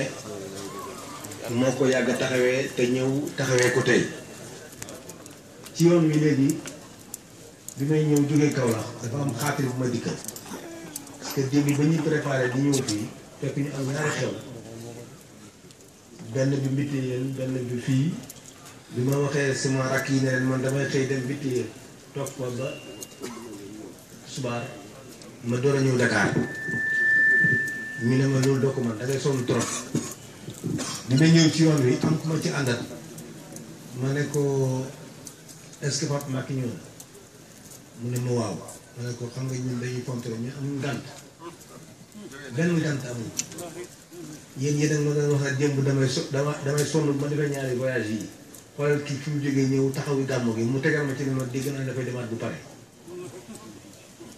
moo ko yàgg taxawee te ñëw taxawee ko tey ci yoon wi léegi bi may ñëw jógee Kaolack dafa am xaatir bu ma dikkal parce que démb ba ñuy préparé di ñëw fii fekk ñu am ñaari xew benn bi mbitte yéen benn bi fii bi ma waxee sama rakk yi ne leen man damay xëy dem bitti toog ko ba subaar ma door a ñëw Dakar ñu ne ma loolu doo ko man dangay sonn trop bi ma ñëw ci yoon wi am ku ma ci àndal ma ne ko est-ce que Pape mu ne ma waaw ma ne ko xam nga ñun dañuy ñu a ngi ma ne démb damay so damay sonn ma defee ñaari voyage yi. xoolal kii fi mu jógee ñëw taxawu gàmmu gi mu tegal ma ci ne ma dégg naa dafay demaat bu pare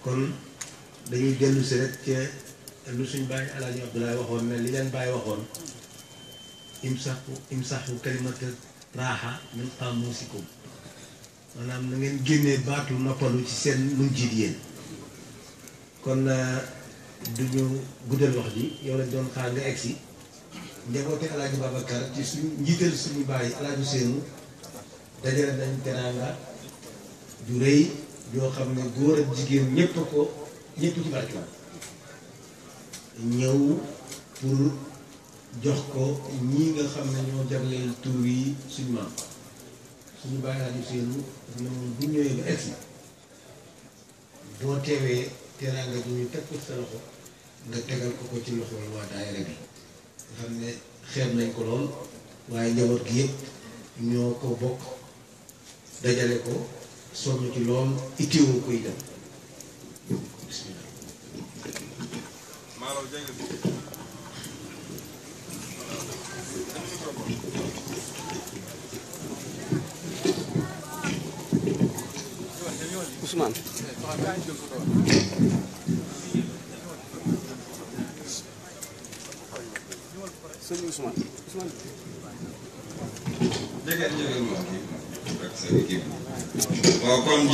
kon dañuy dellu si rek ci lu suñ bàyyi alaaji Abdoulaye waxoon ne li leen bàyyi waxoon imsaxu imsaxu kalimata raaxa min qaamusikum maanaam na ngeen génnee baatu noppalu ci seen nu jiit yéen kon euh, duñu guddal wax ji yow lañ doon xaar nga egsi njaboote El Hadj Babacar ci suñu njiital suñu bàyyi El Hadj Ousseynou nañ teraanga ju rëy joo xam ne góor ak jigéen ñépp ko ñëpp ci barkeelam ñëw pour jox ko ñii nga xam ne ñoo jagleel tur yi suñu maam suñu bàyyi El Hadj Ousseynou ñoom bu ñëwee ba egsi boo teewee teraanga ju ñu teg ko sa loxo nga tegal ko ko ci loxol waa daayira bi. nga xam ne xeeb nañ ko lool waaye njaboot gi yëpp ñoo ko bokk dajale ko sonn ci lool itteewoo koy dem bismillah sëñ Ousmane Ousmane. jege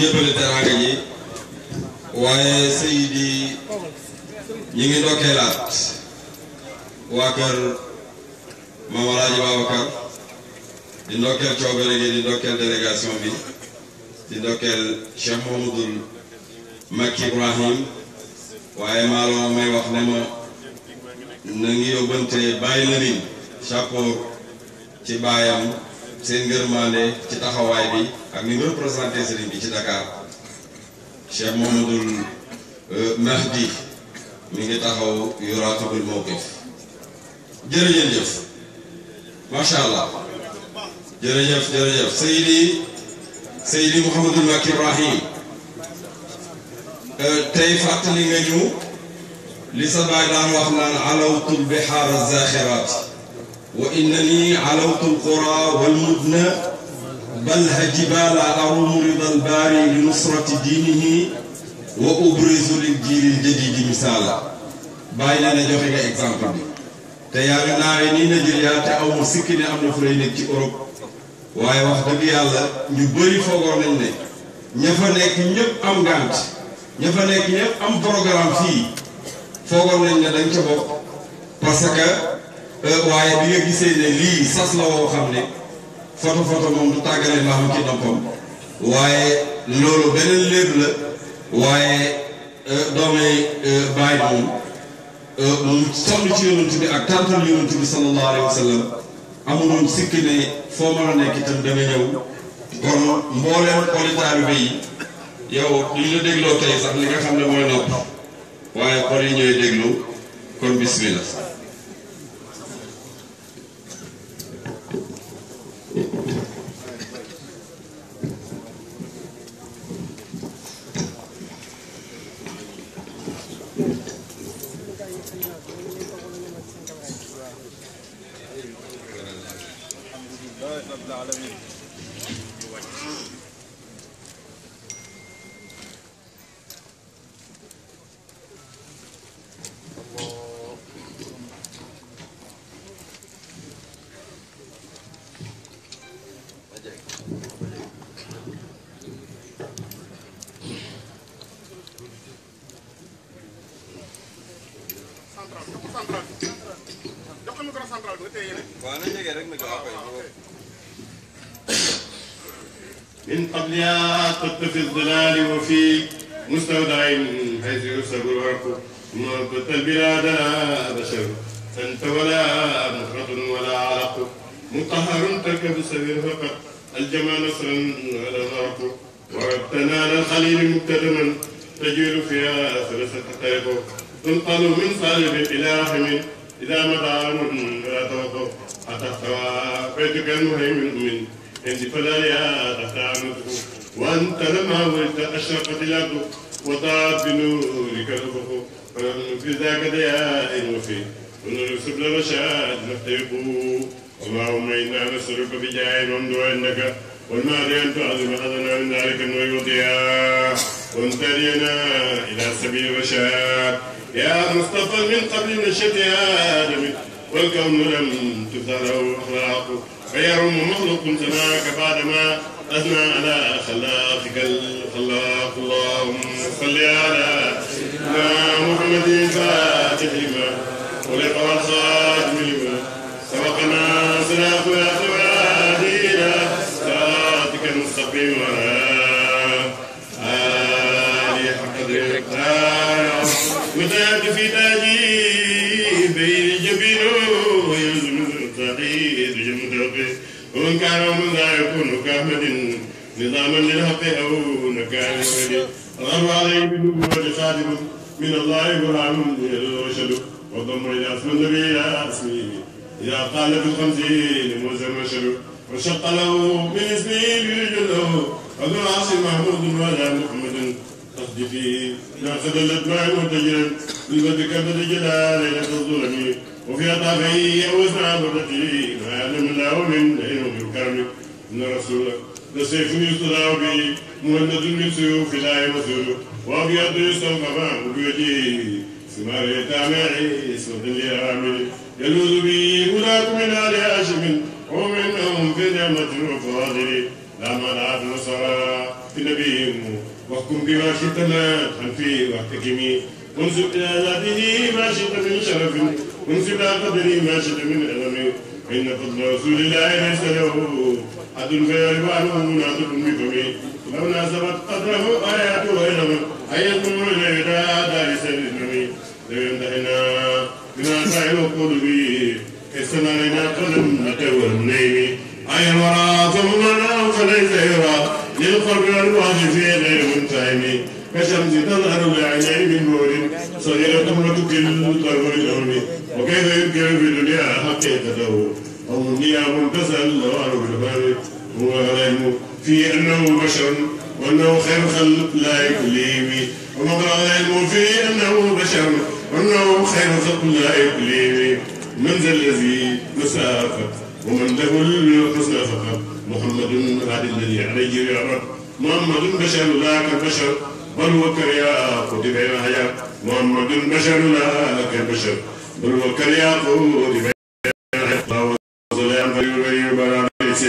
jege ji waaye Seydi ñi ngi ndokkeelaat waa kër Mame El Hadj Babacar di ndokkeel gi di ndokkeel bi di ndokkeel Cheikh Mouhamadoul Ibrahim waaye maa loo may na ngi yóbbante bàyyi na riñ chapeau ci baayam seen ngërmaande ci taxawaay bi ak ni nga représenté sëriñ bi ci Dakar Cheikh Mouhamadoul euh, Mahdi mi ngi taxaw yuraatubul mawqif jërëjëf macha allah jërëjëf jërëjëf Seydi Seydi Mouhamadoul Macky Ibrahim euh, tey fàttali nga ñu li sa baay daan wax naan alawtu lbihaara zaxiraat wa innani alawtu lqura walmudna bal ha jibaala arumu rida albaari li nusrati diinihi wa ubrizu liljiil ljadidi misaala bàyyi nee na joxe nga exemple bi te yaa ngi naawee nii aw ma am na fu lay nekk ci Europe wax dëgg yàlla ñu bëri foogoon nañ ne ña fa nekk ñëpp am gànt ña fa nekk ñëpp am programme fii foogoon nañ ne dañ ca parce que euh, waaye bi nga gisee ne lii sas la woo xam ne foto foto moom du tàggale laaxam ci noppam waaye loolu beneen léeb la waaye euh, doomee euh, bàyyi moom mu sonn ci yonent bi ak tàntal li ñu la sax li nga xam ne mooy nopp waaye xol yi ñooy déglu kon bismillah الله اللهم صل على سيدنا محمد فاتح لما ولق والخاتم لما سبقنا صراط وعادينا صراطك المستقيم آله حق الإقرار وذاك في تاجي بين الجبين ويزن التعيد جمد وإن كان من لا يكون كامل نظاما للحق أو كان ولدي غرب عليه بالنبوة خادم من الله برهان الرشد وضم إلى اسم النبي إلى اسمه إذا قال في الخمسين ملزم الرشد وشق له من اسمه برجل له أبو العاصم محمود ولا محمد قصد فيه ناخذ الأتباع منتجرا بالبدر كبد جلال ليلة الظلم وفي أطافه أوسع بردته ما يعلم الله من دينه بالكرم إن رسول الله السيف يصدع بي مهند المسيو في لا يمسر وابيض يستوفى بوجهه ثمار يتامعي اسود لعامل يلوذ به هناك من ال هاشم ومنهم في نعمة الفاضل لا منعت نصرى في نبيهم واحكم بما شئت ما فيه واحتكمي وانزل الى ذاته ما شئت من شرف وانزل الى قدري ما شئت من علم ان فضل رسول الله ليس له أدن غير وأنهم ناظر مثلي لو ناسبت قدره آيات غيرهم أن يكون الهداء دار سلمي لو يمدحنا بما فعل قلبي حسنا لنا قلم نتور نيمي أي الورى ثم لا فليس يرى للقرب الواحد في غير منتهي كشمس تظهر بعينين من نور صغيرة تملك كل طرف الأرض وكيف يمكن في الدنيا حقيقته وهم نيام تسأل وعنه بالبارد هو غنائم في أنه بشر وأنه خير خلق لا يكليمي ومقر غنائم في أنه بشر وأنه خير خلق لا يكليمي من ذا الذي مسافة ومن له الحسنى فقط محمد هذا الذي عليه يعرف محمد بشر لا كبشر بل هو كرياق دفع محيا محمد بشر لا كبشر بل هو كرياق دفع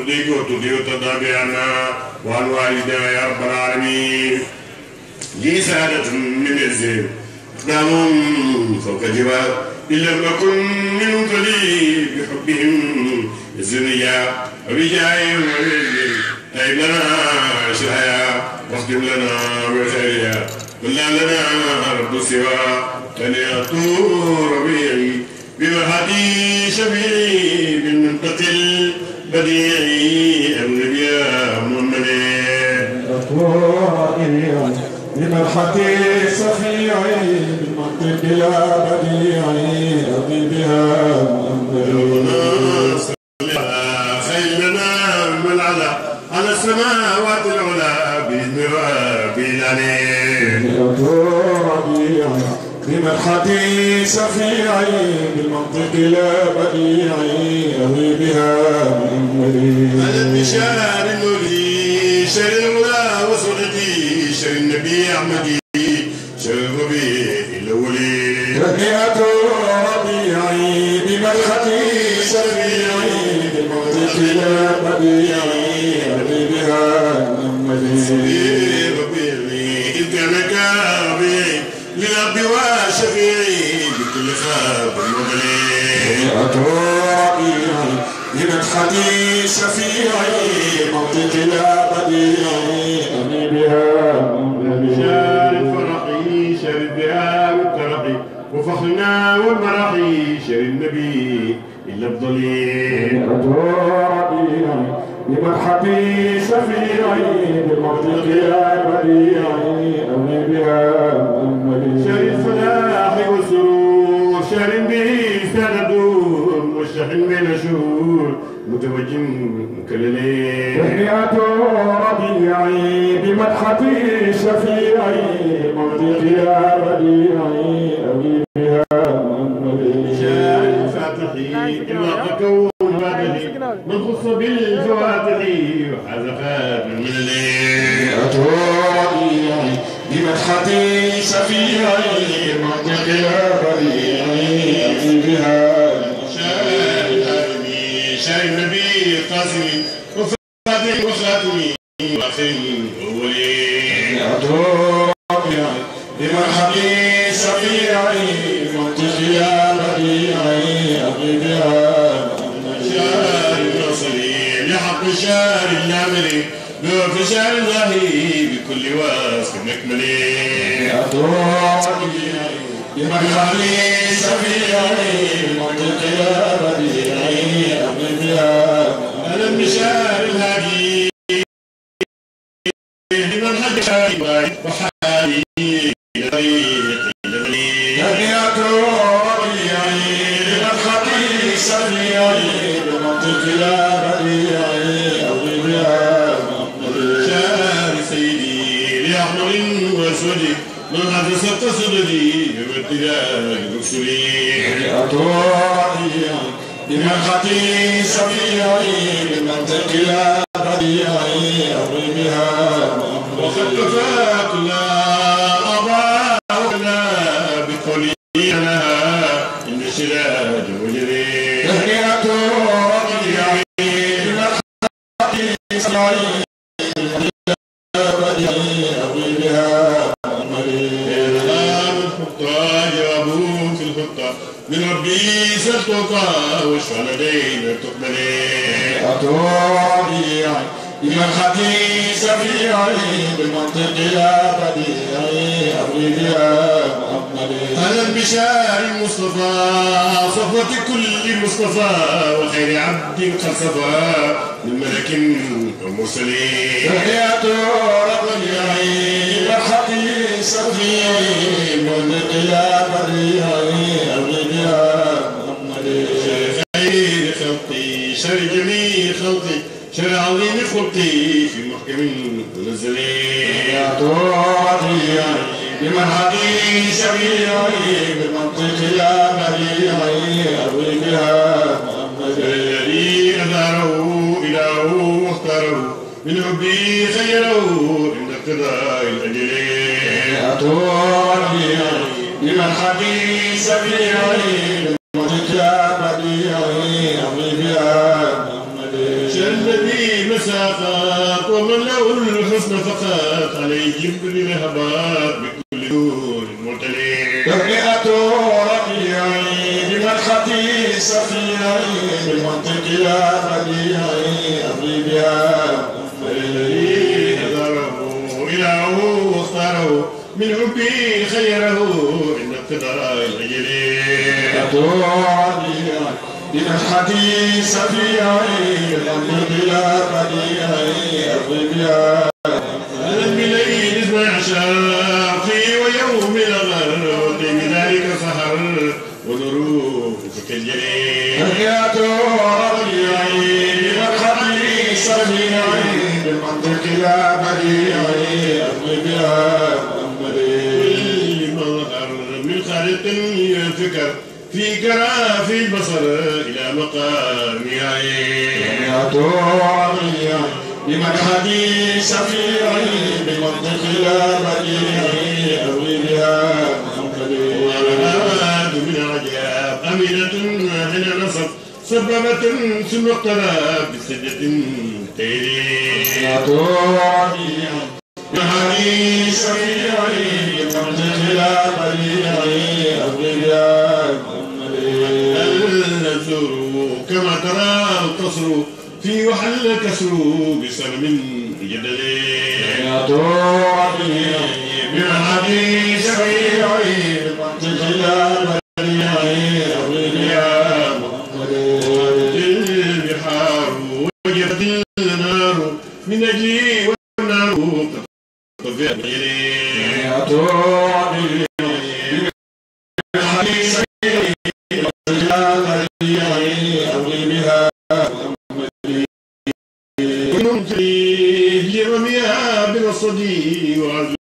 ترضيك وترضي وترضى بأنا وعن والدنا يا رب العالمين لي سعادة من الزين أقدامهم فوق الجبال إلا لم أكن منهم قليل بحبهم الزنيا وبجاي طيب لنا شفايا واخدم لنا بخيريا ولا لنا رب سوى فليعطوا ربي بمهدي شفيعي بالمنتقل بديع أمر يا ممري لمن حكي سخيعي منطق يا بديعي أبي بها مؤمري خيرنا من على على السماوات العلى بإذن ربي العلي بمدحتي سفيعي بالمنطق لا بديعي أهوي بها من أمري أنا بشار الولي شر المولى وسعدي شر النبي أحمدي ودعائي لمدخلي شفيعي موت يا بديعي أمي بها شارف فرحي شرب بها مبترقي وفخرنا والمرحي شر النبي إلا بضليل ودعائي لمدحتي شفيعي بالمنطق يا بديعي أمي بها شر الفلاح والسرور شر به سلام مشتق بين شهور متوج كالليل تهنئة ربيعي بمدحته شفيعي موطئي يا بديعي بمن خطي سبيعي بمن تكلا من ربي سلطك والشهدين تقبلي أتوني إلى الخطي سفيعي بالمنطق يا بديعي أبريد يا محمد أهلا بشار المصطفى صفوة كل مصطفى وخير عبد قد صفى من ملك ومرسلين تحية ربيعي إلى الخطي سفيعي بالمنطق يا بديعي أبريد يا محمد خير خلقي شر جميع خلقي شر عظيم خلقي في محكم نزلي يا طاعتي بمنهجي شريعي بالمنطق يا بديعي أبلغ يا محمد الذي أظهره إله واختاره من حبي خيره عند اقتضاء الأجر يا طاعتي لمن خبي سبيعي متجاب ديعي أغلبيا شلبي مسافات ومن له الحسن فقط عليهم بالهبات بكل دور متلي تبرئة ربيعي بمن خبي سفيعي بالمنطق يا بنحمتي سفيعي الحمد لله بديعي أقم يا ورقيا بمدحدي سفيري بمنطق لا بديع أوليها وعلامات من عجاب أمينة حين نصب سببة سلو الطلب بسجة تيري ورقيا بمدحدي سفيري بمنطق لا بديع أوليها النسور كما ترى القصر في وحل الكسوب بسبب جدلي يطوع بمن حديث في عيب تجلى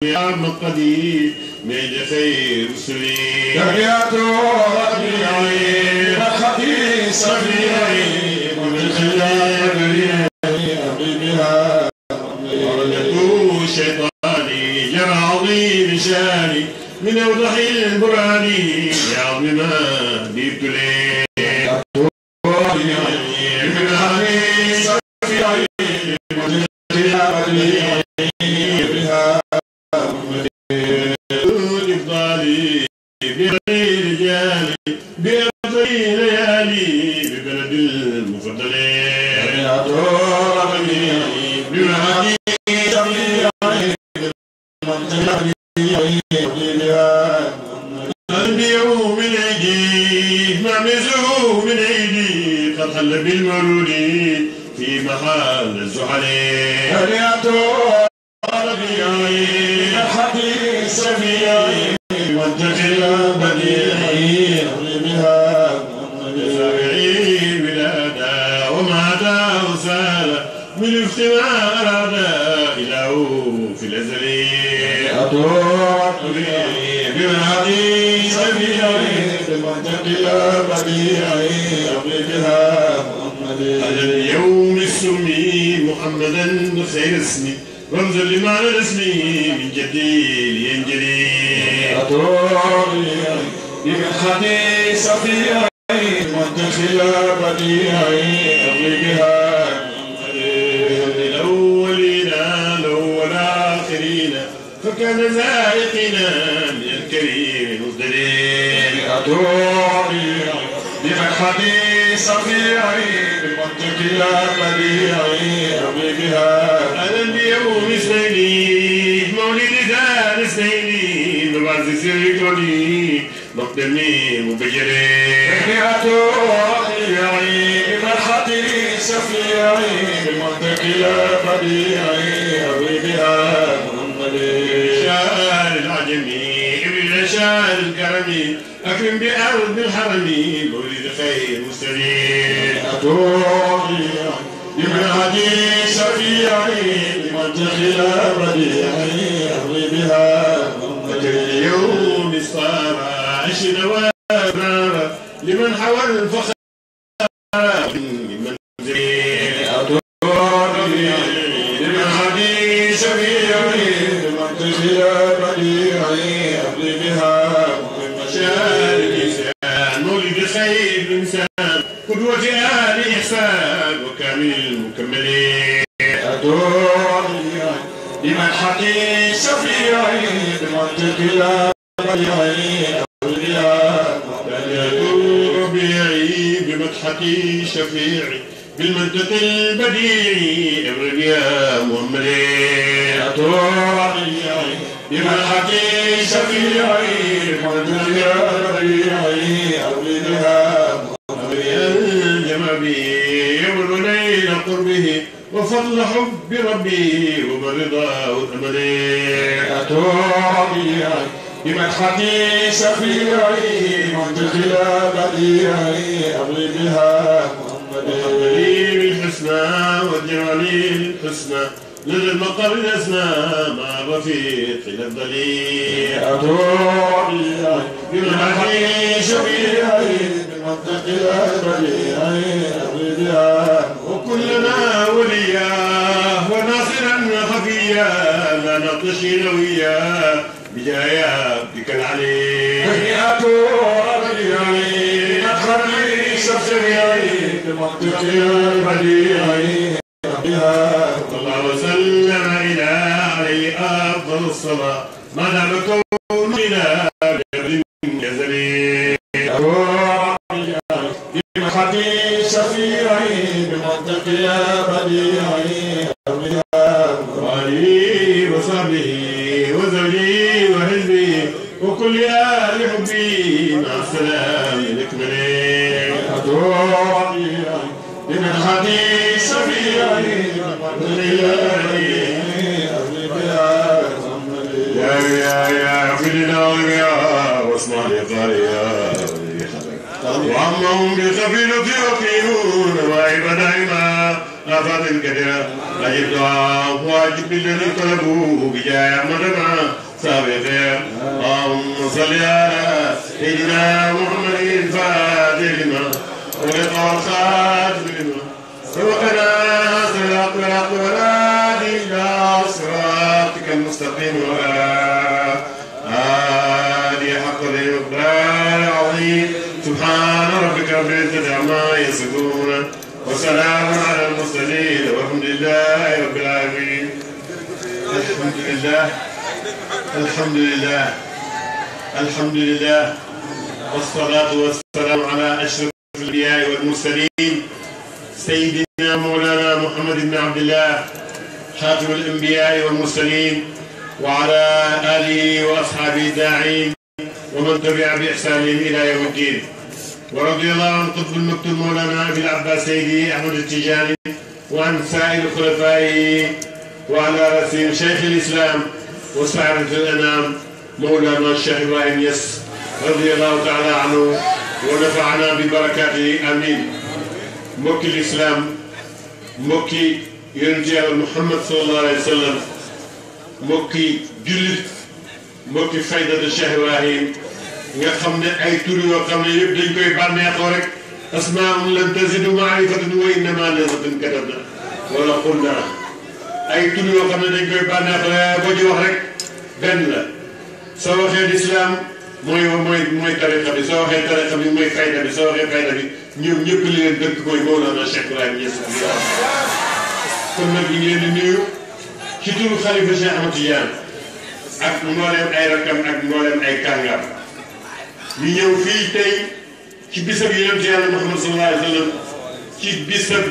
يا مقدي من خير رسلي تبيعته ربيعي وخفي صبيعي ومن خلال ريعي بها ولدته شيطاني جرى عظيم شاني من اوضح البراني يا عظم ما ديبت لي العيش نوارا لمن حوى الفخر لمن زين أدوار لمن هدي شفيعي لمن تزيل بديعي أبلي بها من مشارك إنسان مولد خير إنسان قدوة آل إحسان وكامل مكملين أدوار لمن حقي شفيعي لمن تزيل بديعي شفاعتي شفيعي بالمنطق البديع امر يا محمد بملحقي شفيعي محمد يا ربيعي امر يا محمد يمر ليل قربه وفضل حب ربي وبرضاه الامر بمدحني سفيري منتخلا بديعي أبغي بها محمدي بالحسنى واجعلي الحسنى للمطر الأسنى مع رفيقنا الضليل أدعو بمدحني سفيري منتخلا بديعي أبغي بها وكلنا ولياه وناصرا خفيا لا نطشي لوياه بجاي عبدك العليم هيئة ربي مدخل لي سبسري بمنطق البديع صلى الله وسلم إلى علي أفضل الصلاة ما دامكم لمن انقلبوا بجاه احمدنا سابقا اللهم صل على سيدنا محمد الفاتح لما ولقى الخاتم لما سبقنا صراط الحق ولا الى صراطك المستقيم ولا هادي حق ذي الإقبال العظيم سبحان ربك رب العزة عما يصفون وسلام على المرسلين والحمد لله رب العالمين alhamdulillah alhamdulillah alhamdulillah والصلاة والسلام على أشرف الأنبياء والمرسلين سيدنا مولانا محمد بن عبد الله خاتم الأنبياء والمرسلين وعلى آله وأصحابه الداعين ومن تبع بإحسانهم إلى يوم الدين ورضي الله عن قطب المكتوب مولانا أبي العباس سيدي أحمد التجاني وعن سائر خلفائه وعلى رأسهم شيخ الإسلام وسعادة الأنام مولانا الشيخ إبراهيم يس رضي الله تعالى عنه ونفعنا ببركاته آمين mbokki lislaam mbokki yonent yàlla Muhammad sallallahu alayhi wa sallam mbokki jullit mbokki faydatu Cheikh Ibrahim nga xam ne ay tur yoo xam ne yëpp dañ koy bànneexoo rek asmaa'un lan tazidu ma'rifatan wa innamaa nazatan katabnaa wala qulnaa ay tur yoo xam ne dañ koy bànneex boo ci wax rek benn la soo waxee lislaam mooy mooy mooy tariqa bi soo waxee tariqa bi mooy fayda bi soo waxee fayda bi ñoom ñëpp leen dëkk mooy Mawlana Cheikh Ibrahima Niass bi kon nag ñu ngi leen di ci turu xalifa Cheikh Ahmad Tidiane ak mbooleem ay ay kàngam ñu ñëw fii tey ci bisab yonent yàlla Muhammad sallallahu alayhi wa sallam ci bisab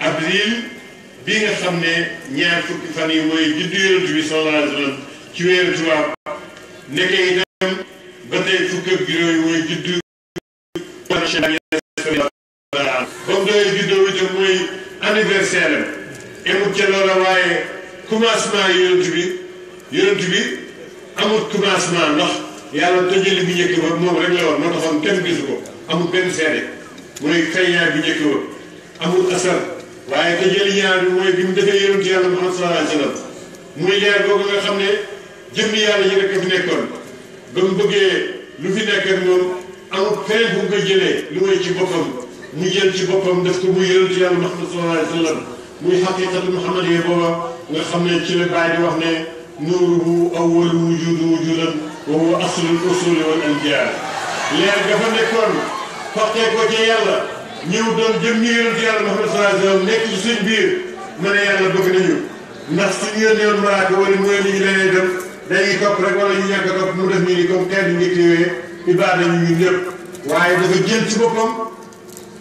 avril bi nga xam ne ñaar fukki fan yi mooy juddu yonent bi sallallahu alayhi ci weeru tubaab nekke itam ba tey fukk ak juróom yi mooy juddu ba mu doyee waaye commencement yonent bi yonent bi amut commencement ndax yàlla tëjali bu njëkk ba moom rek la woon moo taxoon kenn gisu ko amul benn seede mooy kaynaa bu njëkk ba amul asar waaye te jëli ñaar bi mooy bi mu defee yonent yàlla Muhammad mu alayhi wa sallam muy nga xam ne jëmmi yàlla yi rek fi nekkoon ba bëggee lu fi nekka ak moom amul feneen fu mu koy jëlee lu may ci boppam mu jël ci boppam def ko muy yonent yàlla Muhammad sallallahu alayhi wa sallam muy xaqiqatu Muhammad yee booba nga xam ne ci la Baay di wax ne nuuruhu awwalu wujudu wujudan wa huwa aslul usuli wal anbiyaa leer ga fa nekkoon faqee ko ca yàlla ñëw doon jëm ñu yonent yàlla Muhammad sallallahu alayhi wa sallam nekk ci suñ biir mu ne yàlla bëgg nañu ndax suñu yónnee woon malaaka wala mooy li ñu leneen dem dañuy ñu ñàkk a topp mu def ñu ni comme tey ngi téewee ibaada ñu ñun ñëpp waaye dafa jël ci boppam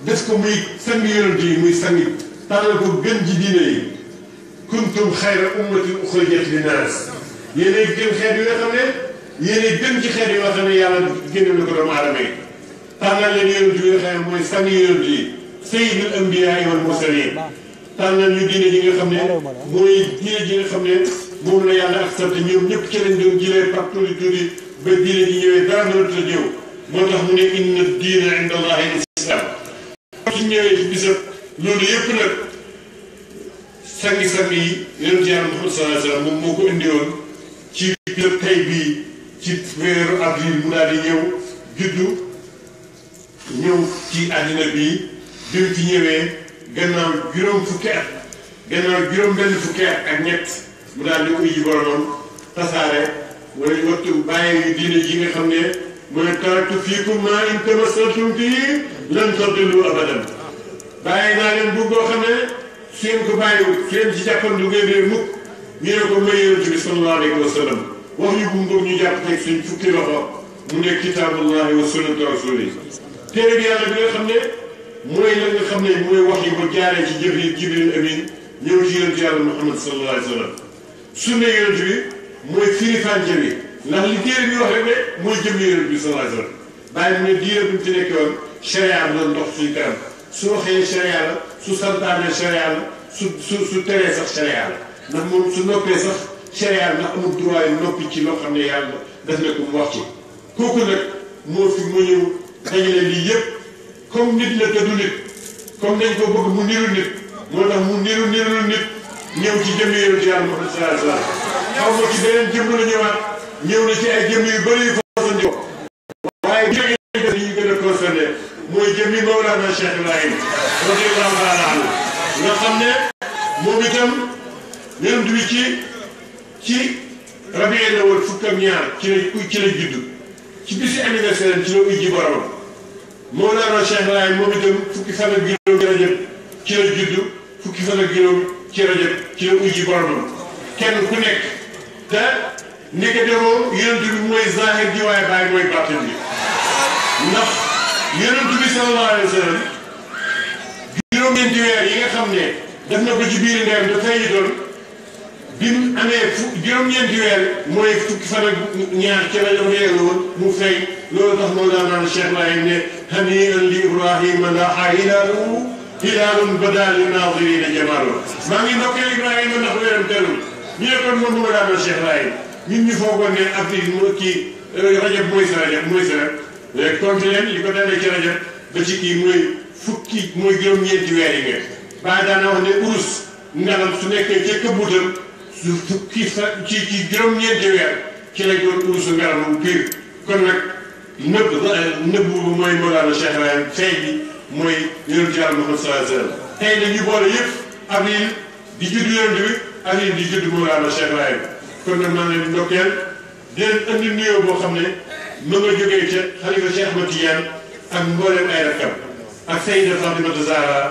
def ko muy sangi yonent yi muy sangi tànnal ko gën ci diine yi kuntum xayra ummatin uxrijat linnaas yéenay gën xeet yi nga xam ne gën ci xeet ne ko doomu aadama tànnal leen yonent yi nga xam ne mooy sang yonent yi sayyidul anbiyaa wal mursaliin tànnal ñu diine ji nga xam ne moom la yàlla ak ñoom ñëpp ci lañ doon jëlee par ba diine ji ñëwee dara mënatu la mu ne inna diina inda islam moom moo ko indiwoon ci bisab tey bii ci weeru avril mu daal di ñëw juddu ñëw ci àddina bi bi mu ci ñëwee gannaaw juróom fukki at gannaaw juróom benn fukki ak ñett mu daal di uyu boromam tasaare wala ñu wattu bàyyi yu diine ji nga xam ne mu ne taraktu fiikum maa in tamassaktum bihi lan tadillu abadan bàyyi naa leen bu boo xam ne su ngeen ko bàyyiwul su ngeen ci jàppoon du ngeen mukk ñu ko may yonent bi sallallahu alayhi wa sallam wax ñu bu ñu jàpp teg suñ fukki loxo mu nekk kitaabullahi wa sunnatu rasuli téere bi yàlla bi nga xam ne mooy la nga xam ne mooy wax yi ba jaaree ci Jibril Jibril Amin ñëw ci yonent yàlla Muhammad sallallahu mooy firi fànce bi ndax li téere bi wax rek ne mooy jëm yonent bi sallallahu alayhi wa sallam su waxee sharia su santaane sharia la su teree sax sharia su noppee sax sharia ndax amul droit yu ci loo xam ne yàlla daf ne ko mu wax ci kooku nag moo fi mu ñëw dajale lii yëpp comme nit la te nit comme dañ ko bëgg mu niru nit moo tax mu niru niru nit ñëw ci jëmm yonent yàlla Muhammad sallallahu alayhi wa sallam xaw ma ci beneen jëmm la ñëwaat ñëw na ci ay jëmm yu bëri yu concerné waaye bu jógee dañuy gën a concerné mooy jëmmi Mawlana Cheikh Ibrahim xam ne moom itam yonent bi ci ci rabiye la woon fukk ñaar ci la ci la judd ci bisu anniversaire ci la uj ji boromam Mawlana Cheikh Laay moom itam fukki fan ak juróom ci rajab ci la judd fukki fan ak juróom ci ci la uj ji kenn ku nekk te ndeke demoo yonent bi mooy zahir ji waaye bàyyi mooy baatin bi ndax yonent bi sallallahu alayhi wa sallam juróom-ñeenti weer yi nga xam ne def na ko ci biir ndeyam dafay doon bi mu amee fu juróom ak ñaar ci la doon yeeloon mu fay loolu tax moo daan naan Cheikh Laay ne hanii'an li Ibrahima laaha hilaaluhu hilaalun badaa linaaziriina jamaaluhu maa ngi ndokkee Ibrahima ndax weeram terul ñu ne kon moom moo daan naan Cheikh Laay ñun ñu foogoon ne ab kii euh, rajab mooy sa rajab mooy sa rek compte leen li ko dalee ci rajab ba ci kii mooy fukki mooy juróom-ñeenti weer yi nga ba daana wax ne urus ngalam su nekkee lu ci fa ci ci juróom-ñeenti la doon uusu ngelaw lu pire kon nag nëbb euh, nëbb boobu mooy Mawlana Cheikh Ibrahim fay bi mooy yonent Yàlla Muhammad sallallahu alayhi wa sallam tey dañuy yëpp avril di judd yonent bi avril di judd Mawlana Cheikh Ibrahim kon nag maa ngi leen di ndokkeel di leen andi nuyoo boo xam ne mën nga jógee ca xalifa Cheikh Ahmed Tidiane ak mboolem ay rakkam ak Sayida Fatimata Zahra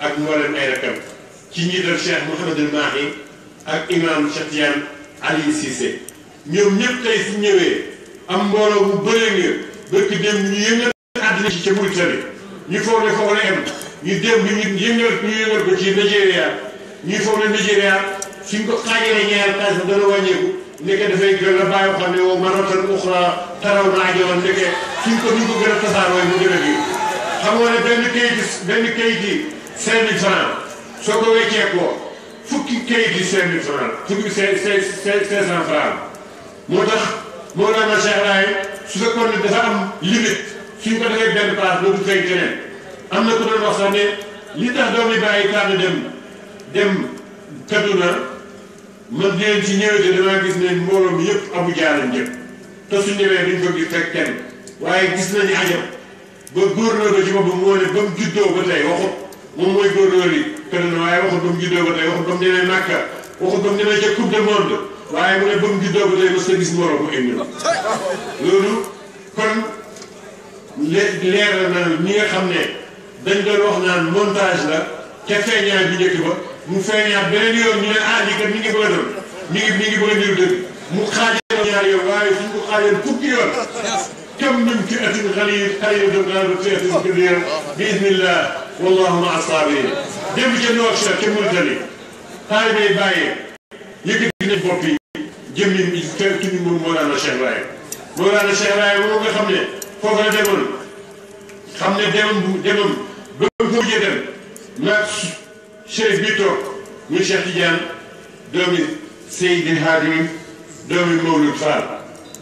ak mboolem ay rakkam ci ñi def Cheikh Mouhamadul Mahi ak imam Chatiane Ali Cissé ñoom ñëpp tey su ñëwee am mbooloo bu bëri nga bëgg dem ñu yëngal àddina ci ca Mauritanie ñu foog ne foofu la am ñu ñu yëngal ko ci Nigéria ñu foog ne Nigéria suñ ko xaajalee ñaar xaalis ba dana wàññeeku nekk dafay gën la bàyyi xam ne woo maratan uxra taraw naa jëloon nekk ko ñu ko gën a tasaaroo mu demee fii xam nga ne benn kayit benn kayit yi cinq mille soo ko weccee ko fukki kayit yi cinq mille franc fukki cinq cinq cinq cent franc moo tax moo tax na Cheikh Raye su fekkoon ne dafa am limite suñ ko defee benn place dootu fay keneen am na ku doon wax sax ne li tax doom yi bàyyi tànn dem dem Kaduna man dinañ ci ñëwete damaa gis ne mbooloo mi yëpp amu jaalan jëpp te su ñëwee duñ ko gis fekk kenn waaye gis nañu ajab ba góornóor ba ci boppam moo ne ba mu juddoo ba tey waxut moom mooy góornóor yi këram ne waaye waxut ba mu juddoo waxut ba mu demee waxut ba mu ca coupe du monde waaye mu ne ba mu juddoo mu indi loolu kon leer na ñi nga xam ne dañ doon wax naan montage la te feeñaay bu njëkk ba mu feeñaat beneen yoon ñu ne ah lii kat mi ngi bëgg a doon mi ngi mi ngi bëgg a niru dëgg mu xaajal ñaar yoon waaye suñ ko xaajal fukki bi wallahu maa saabiriin démb ca Nouakchott ca Mauritanie taalibe bàyyi yëkkati nañ bopp yi jëm nga xam ne foofu demoon xam ne demam bu demam ba mujjee dem naag Cheikh bi doomi Seydi Hadji doomi Mawlud Fall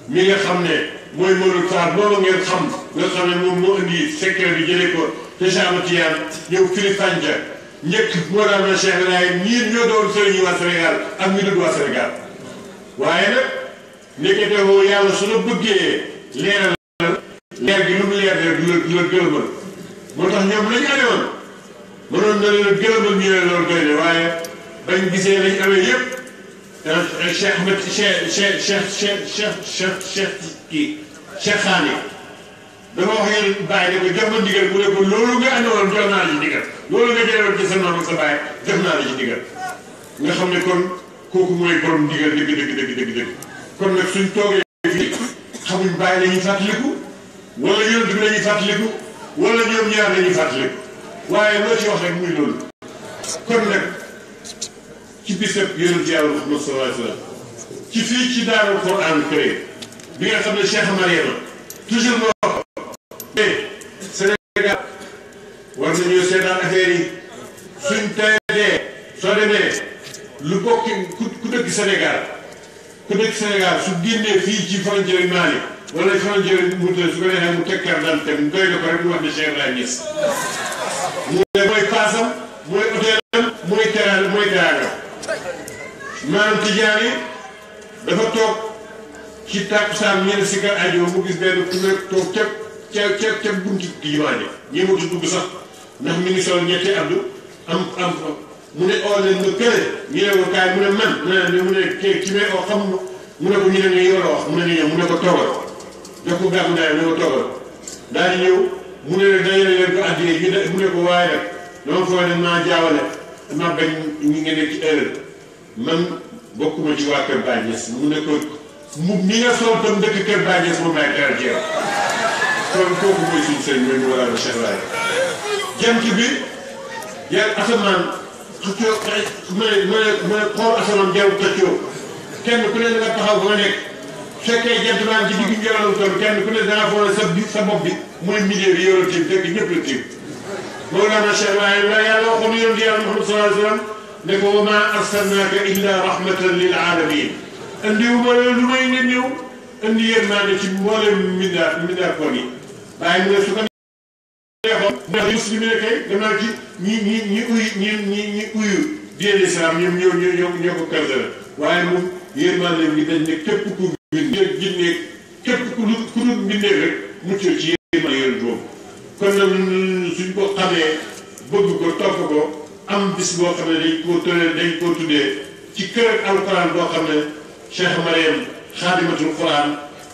mi nga xam ne mooy Mawlud Fall booba ngeen xam nga xam ne moom moo indi secteur bi jëlee ko te Cheikh Ahmed Tidiane yow kilifaan ja njëkk Mawlana Cheikh Ibrahim ñii ñoo doon sëriñu waa Sénégal ak ñu dund waa Sénégal waaye nag ndeketewoo yàlla su la bëggee leeral leer gi lu mu leer rek du la du la gërëmal moo tax ñoom lañ amee woon mënoon na leen gërëmal ñu ne loolu doy na waaye bañ gisee lañ amee yëpp Cheikh Ahmed Cheikh Cheikh Cheikh Cheikh Cheikh Cheikh kii Cheikh Khane dafa wax yéen bàyyi dafa jox ma ndigal mu ne ko loolu nga andi woon jox naa la ci ndigal loolu nga jëloon ci sa noonu ak sa naa nga xam ne kon kooku mooy borom ndigal dëgg dëgg dëgg dëgg dëgg kon nag suñ toogee fii xamuñ bàyyi la ñuy fàttaliku wala yonent bi la ñuy fàttaliku wala ñoom ñaar waaye loo ci wax rek muy loolu kon nag ci bisab yonent yàlla Muhammad sallallahu alayhi wa sallam ci fii ci daaru Quran bi nga xam ne Cheikh Mariama toujours Sénégal war nañoo seetaan affaire yi suñ teyee soo demee lu bokki ku dëkk Sénégal ku dëkk Sénégal su génnee fii ci frontière Mali wala frontière Mauritanie su ko neexee mu teg carte d'identité mu doy na ko rek mu wax ne Cheikh Ibrahima Niass mooy paasam mooy hôtelam mooy mooy teraanga maanaam Tijaan yi dafa toog ci tàkkusaan ñenn si kar ajo mu gis benn toog cëpp ca ca ca bunti diwaan yi ñii mu dugg sax ndax mi ngi sol ñetti abdu am am mu ne oo leen nga kële ne mu ne man mu mu ne ko ñu ne ne yow la mu ne ko toogal daal di ñëw mu ne ne dajale leen ko mu ne ko waaye nag dama foog ne maa jaawale dama bañ ñu ngi nekk ci erreur man bokkuma ci waa Kër Baay Ñas mu ne ko mu ñi nga sool tam dëkk Kër Baay moom laay teral ci yow kon kooku mooy bi wala ba Cheikh Laye jant bi ku ne nga taxaw ba nga nekk fekkee jant baa ngi ci digg njëriñu tool kenn ku ne dana foole sa bi sa bopp bi mooy milieu bi yow la tiim fekk ñëpp la tiim Mawlana Cheikh Laye la illa rahmatan lil alamin indi ma lu may nga ñëw indi yéen maa ne ci mboolem mbindaa yi bàyyi mu ne su ko neexoon ndax yusuf ne kay gannaaw ci ne képp ku bind ku ku mbindee rek mucc ci yërmaande yooyu kon nag suñ ko xamee bëgg ko topp ko am bis boo xam ne dañ koo tëral dañ koo tuddee ci kër ak alquran boo xam ne Cheikh xaadimatul quran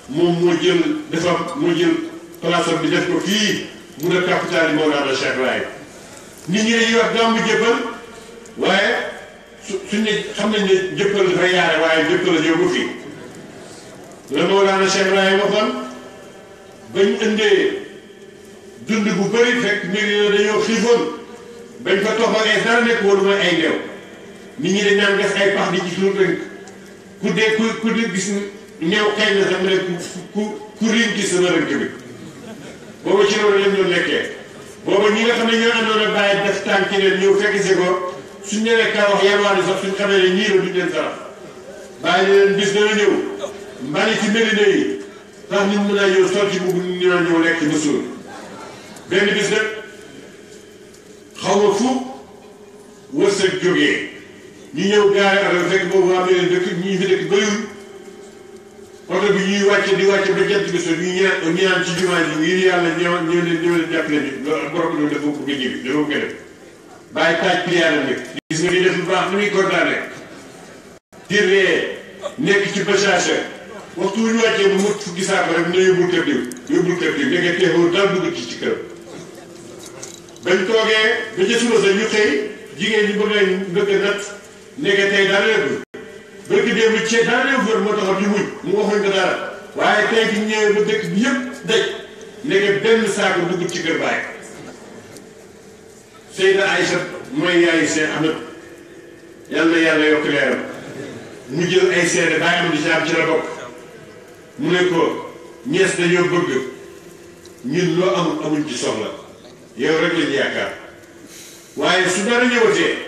moom moo jël defam moo jël place bi def ko fii mu ne capital yi Mawlana Cheikh Ibrahim nit ñi dañuy wax gàmmu jëppal waaye su suñ ne xam ne jëppal dafay waaye jëppal la jógu fii la Mawlana Cheikh Ibrahim waxoon bañ indee dund bu bëri fekk mbir yooyu dañoo xiifoon bañ fa toxalee dara nekk woon mooy ay ndew nit ñi dañ naan def ay pax di gis lu tënk ku dee ku ku gis néew xëy na sax mu ne ku ku ku riñ ci sama rënk bi booba ci loolu lañ doon nekkee booba ñi nga xam ne ñoo doon a bàyyi def tànk ci leen ñëw fekk si ko suñ ñëwee ka wax yalwaani sax suñ xamee ne ñii la duñ leen sarax bàyyi leen bis dana ñëw mbali ci médina yi tax nit mën a ñëw sol ci bugg ñu ñëw lekk ba benn bis nag xaw ma fu wërsëg jógee ñu ñëw gaare ak fekk boobu am na leen dëkk ñi fi dëkk bëgg ñuy wàcce di wàcce ba jant bi so ñu ñaan ñaan ci jumaa yi ngir yàlla ñëw ñëw leen ñëw leen jàpp leen ni loolu borom loolu dafa ko nga jëbi dafa ko nga def yàlla ni gis nga di def waxtu wu ñu wàccee bu mut fukki saako rek ne yóbbul kër diw yóbbul kër diw da nga teewul daal dugg ci ci kër bañ toogee ba ca suba sa ñu xëy jigéen ñi bëgg nañ bëgg a natt nekk tey dara bëgg dem li ceeb daa leen wër moo taxaw ñu wuñ mu waxuñ ko waaye tey bi ñëwee ba dëkk bi yëpp daj nekk benn saako dugg ci kër baay Seyda Aïcha mooy yaayu seen amat yal na yàlla yokk leeram mu jël ay seede bàyyi am di jaam ci la bokk mu ne ko ñees dañoo bëgg ñun loo amul amuñ ci soxla yow rek lañu yaakaar waaye su dara ñëwatee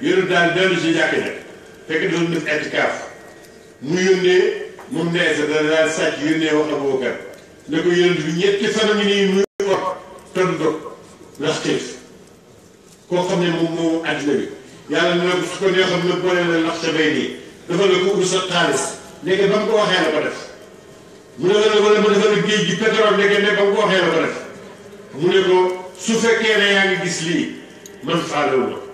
yónni daal dellu si jàkk ja fekk doon def ko yónni bi ñetti fanam yi nii muy ot def mu ne ko su fekkee ne yaa ngi gis lii man faalewuma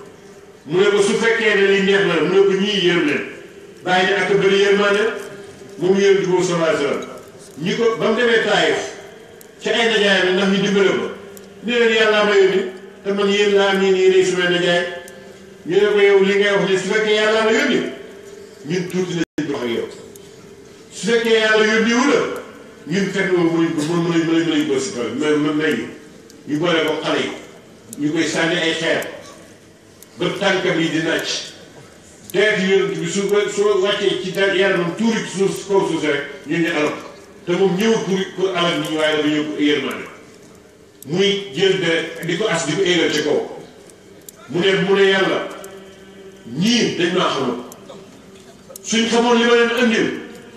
mu ne ko su fekkee ne li neex na mu ne ko ñii yërëm leen bàyyi ne ak bëri yërmaande moom ci moom sallallahu alayhi wa ba mu demee Taayif yàllaa ma yónni te man yéen laa am yéen yéenay ne ko li ngay su fekkee yàllaa la yónni ñun tuuti nañ wax ak yow su fekkee yàlla yónni wu ñu boole ko xale yi ñu koy sànni ay xeer. ba tànk bi di naaj deret yonent bi su su wàccee ci dal yaramam tuuri ci suuf rek ñu ne alal te moom ñëw pour pour alal nit waaye dafa ñëw pour yërmande muy jël deret di ko as di ko éegal ci kaw mu ne mu ne yàlla ñii dañ maa xamoon suñ xamoon li ma leen andil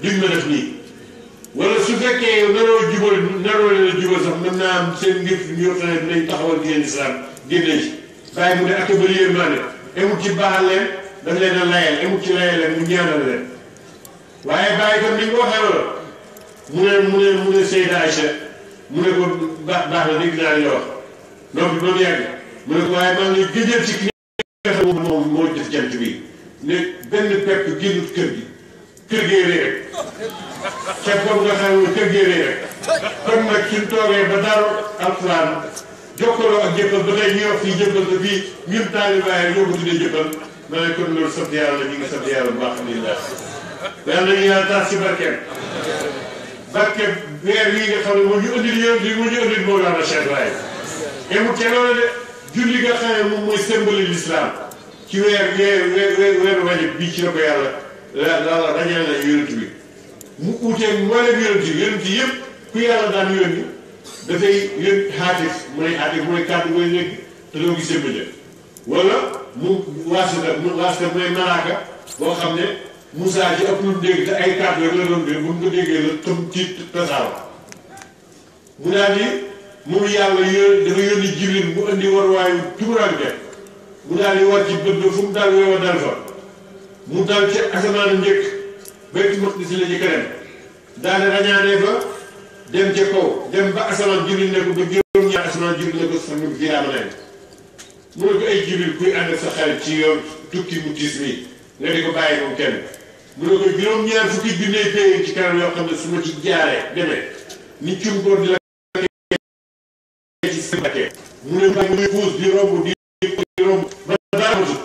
duñ ma def nii wala su fekkee naroo jubal naroo leen a jubal sax mën naa am seen ngir ñëw tamit dinañ taxawal di leen islam génne ci. bàyyi mu ne ak bëri yërmaane emut ci baaxal leen daf leen a layal emut ci layal leen mu ñaanal leen waaye bàyyi tam ni nga ko waxee mu ne mu ne mu ne Seyda Aïcha mu ne ko baax baax na dégg naa li nga ba mu yàgg mu ne ko waaye maa ngi gëjël ci ki bi ne benn pepp génnut kër gi kër gee rek te boobu nga xam kër gee rek kon nag suñ toogee ba daal alxuraan jokkaloo ak jëppal ba tey ñuy wax fii jëppal te fii ñun taalibaay ko tuddee jëppal ma ne kon loolu sant yàlla si barkeem barkeem weer wii nga xam ne moo ñu indil yow li mu ñu indil moo daana Cheikh Baye yemu te loolu de julli nga xam ne moom mooy symbole l'islam ci weer weer weer weeru rajab bii ci la ko yàlla la la bi mu uutee mboolem yonent yi yonent yëpp ku yàlla daan yónni dafay yëg xaatif mooy xaatif mooy kàddu mooy yëg te doo gis yëpp wala mu waasita mu waasita mooy malaaka boo xam ne Moussa ji ëpp lu mu dégg te ay kàddu rek la doon dégg bu mu ko déggee la tëm ci tasaaro mu daal di moom yàlla yë dafa yónni Jibril mu indi warwaayu tuburaan de mu daal di war ci bët ba fu mu dal wéewa dal fa mu dal ci asamaan njëkk Baytul Maqdis la jëkk dem daal di rañaanee fa. dem ca kaw dem ba asamaan jibril ne ko ba juróom-ñaar asamaan jibril ne ko sax mu jiraama leen mu ne ko ay jibril kuy ànd sa xarit ci yoon tukki mu tiis mi nga di ko bàyyi moom kenn mu ne ko juróom-ñaar fukki junney pay ci kanam yoo xam ne su ci jaaree demee ni cum góor di la mu ne fuus di romb di romb ba dara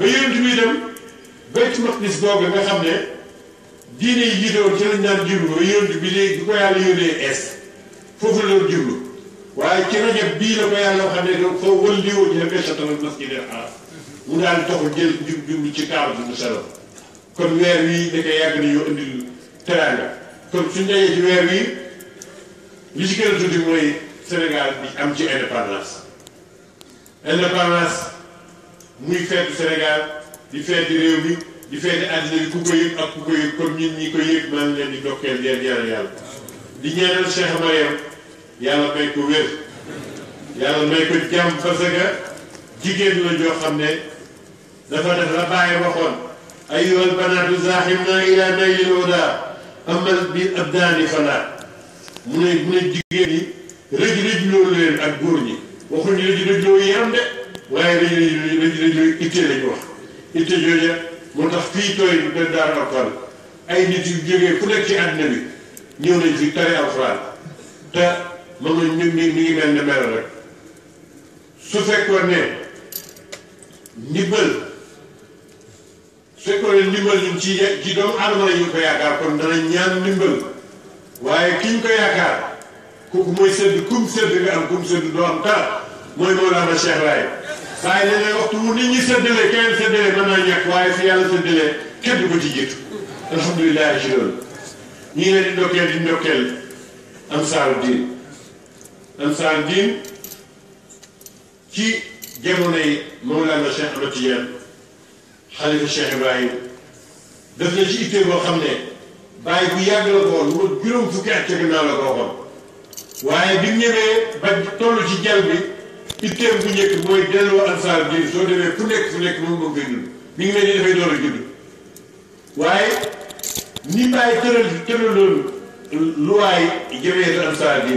ba yonent bi dem baytu maqdis googu nga xam ne diine yi jiitoon ci lañ daan jublu ba yonent bi léegi bi ko yàlla yónnee es foofu la doon jublu waaye ci rajab bii la ko yàlla xam ne donc foo wëlli woon ñu ne béykatalal masjid al haram mu daal di taxu jël jub jublu ci kaaba bi mu selo kon weer wi da koy yàgg nañoo indil teraanga kon suñ dajee ci weer wi li ci gën a tuuti mooy Sénégal bi am ci indépendance muy feetu Sénégal di feeti réew mi di feeti àddina bi ku ko yëg ak ku ko yëg comme ñun ñi ko yëg maa leen di dokkeel yéen yàlla di ñaanal Cheikh yàlla may ko wér yàlla may ko jàmm parce jigéen la joo xam ne dafa def la bàyyi waxoon ayyuhal banaatu zaahimna ilaa naylil hudaa amal bi abdaani falaa mu ne mu ne jigéen ñi rëj rëj loolu leen ak góor ñi waxuñu rëj rëj loolu yaram de waaye dañuy dañuy dañuy ittee lañu wax itte jooja moo tax fii tooy da daara alxuraan ay nit yu jógee fu nekk ci àddina bi ñëw nañ fi tari alxuraan te ma nga ñu ngi ñu ngi mel ne mel rek su fekkoon ne ndimbal su fekkoon ne ndimbal ñun ci ci doomu aadama la ñu ko yaakaar kon dana ñaan ndimbal waaye ki ñu ko yaakaar kooku mooy sëdd kum sëdd nga am kum sëdd doo am tar mooy Mawlana Cheikh Laye waaye léeg-léeg waxtu wu nit ñi séddale keneen séddale mën naa ñàkk waaye si yàlla séddale kenn du ci jiitu alhamdulilah ci loolu ñu ngi leen di ndokkeel di ndokkeel ansaaru diin ansaaru diin ci jamono yi Mawlana Cheikh Ahmed Tidiane xalifa ci ittee boo xam ne bàyyi bu yàgg la ko woon mu juróom fukki at ca ginnaaw la ko waxoon waaye bi mu ba toll ci jal bi itteem bu njëkk mooy delloo ansaar bi soo demee fu nekk fu nekk mi ngi mel ni waaye ni bàyyi tëral tëraloon sa bi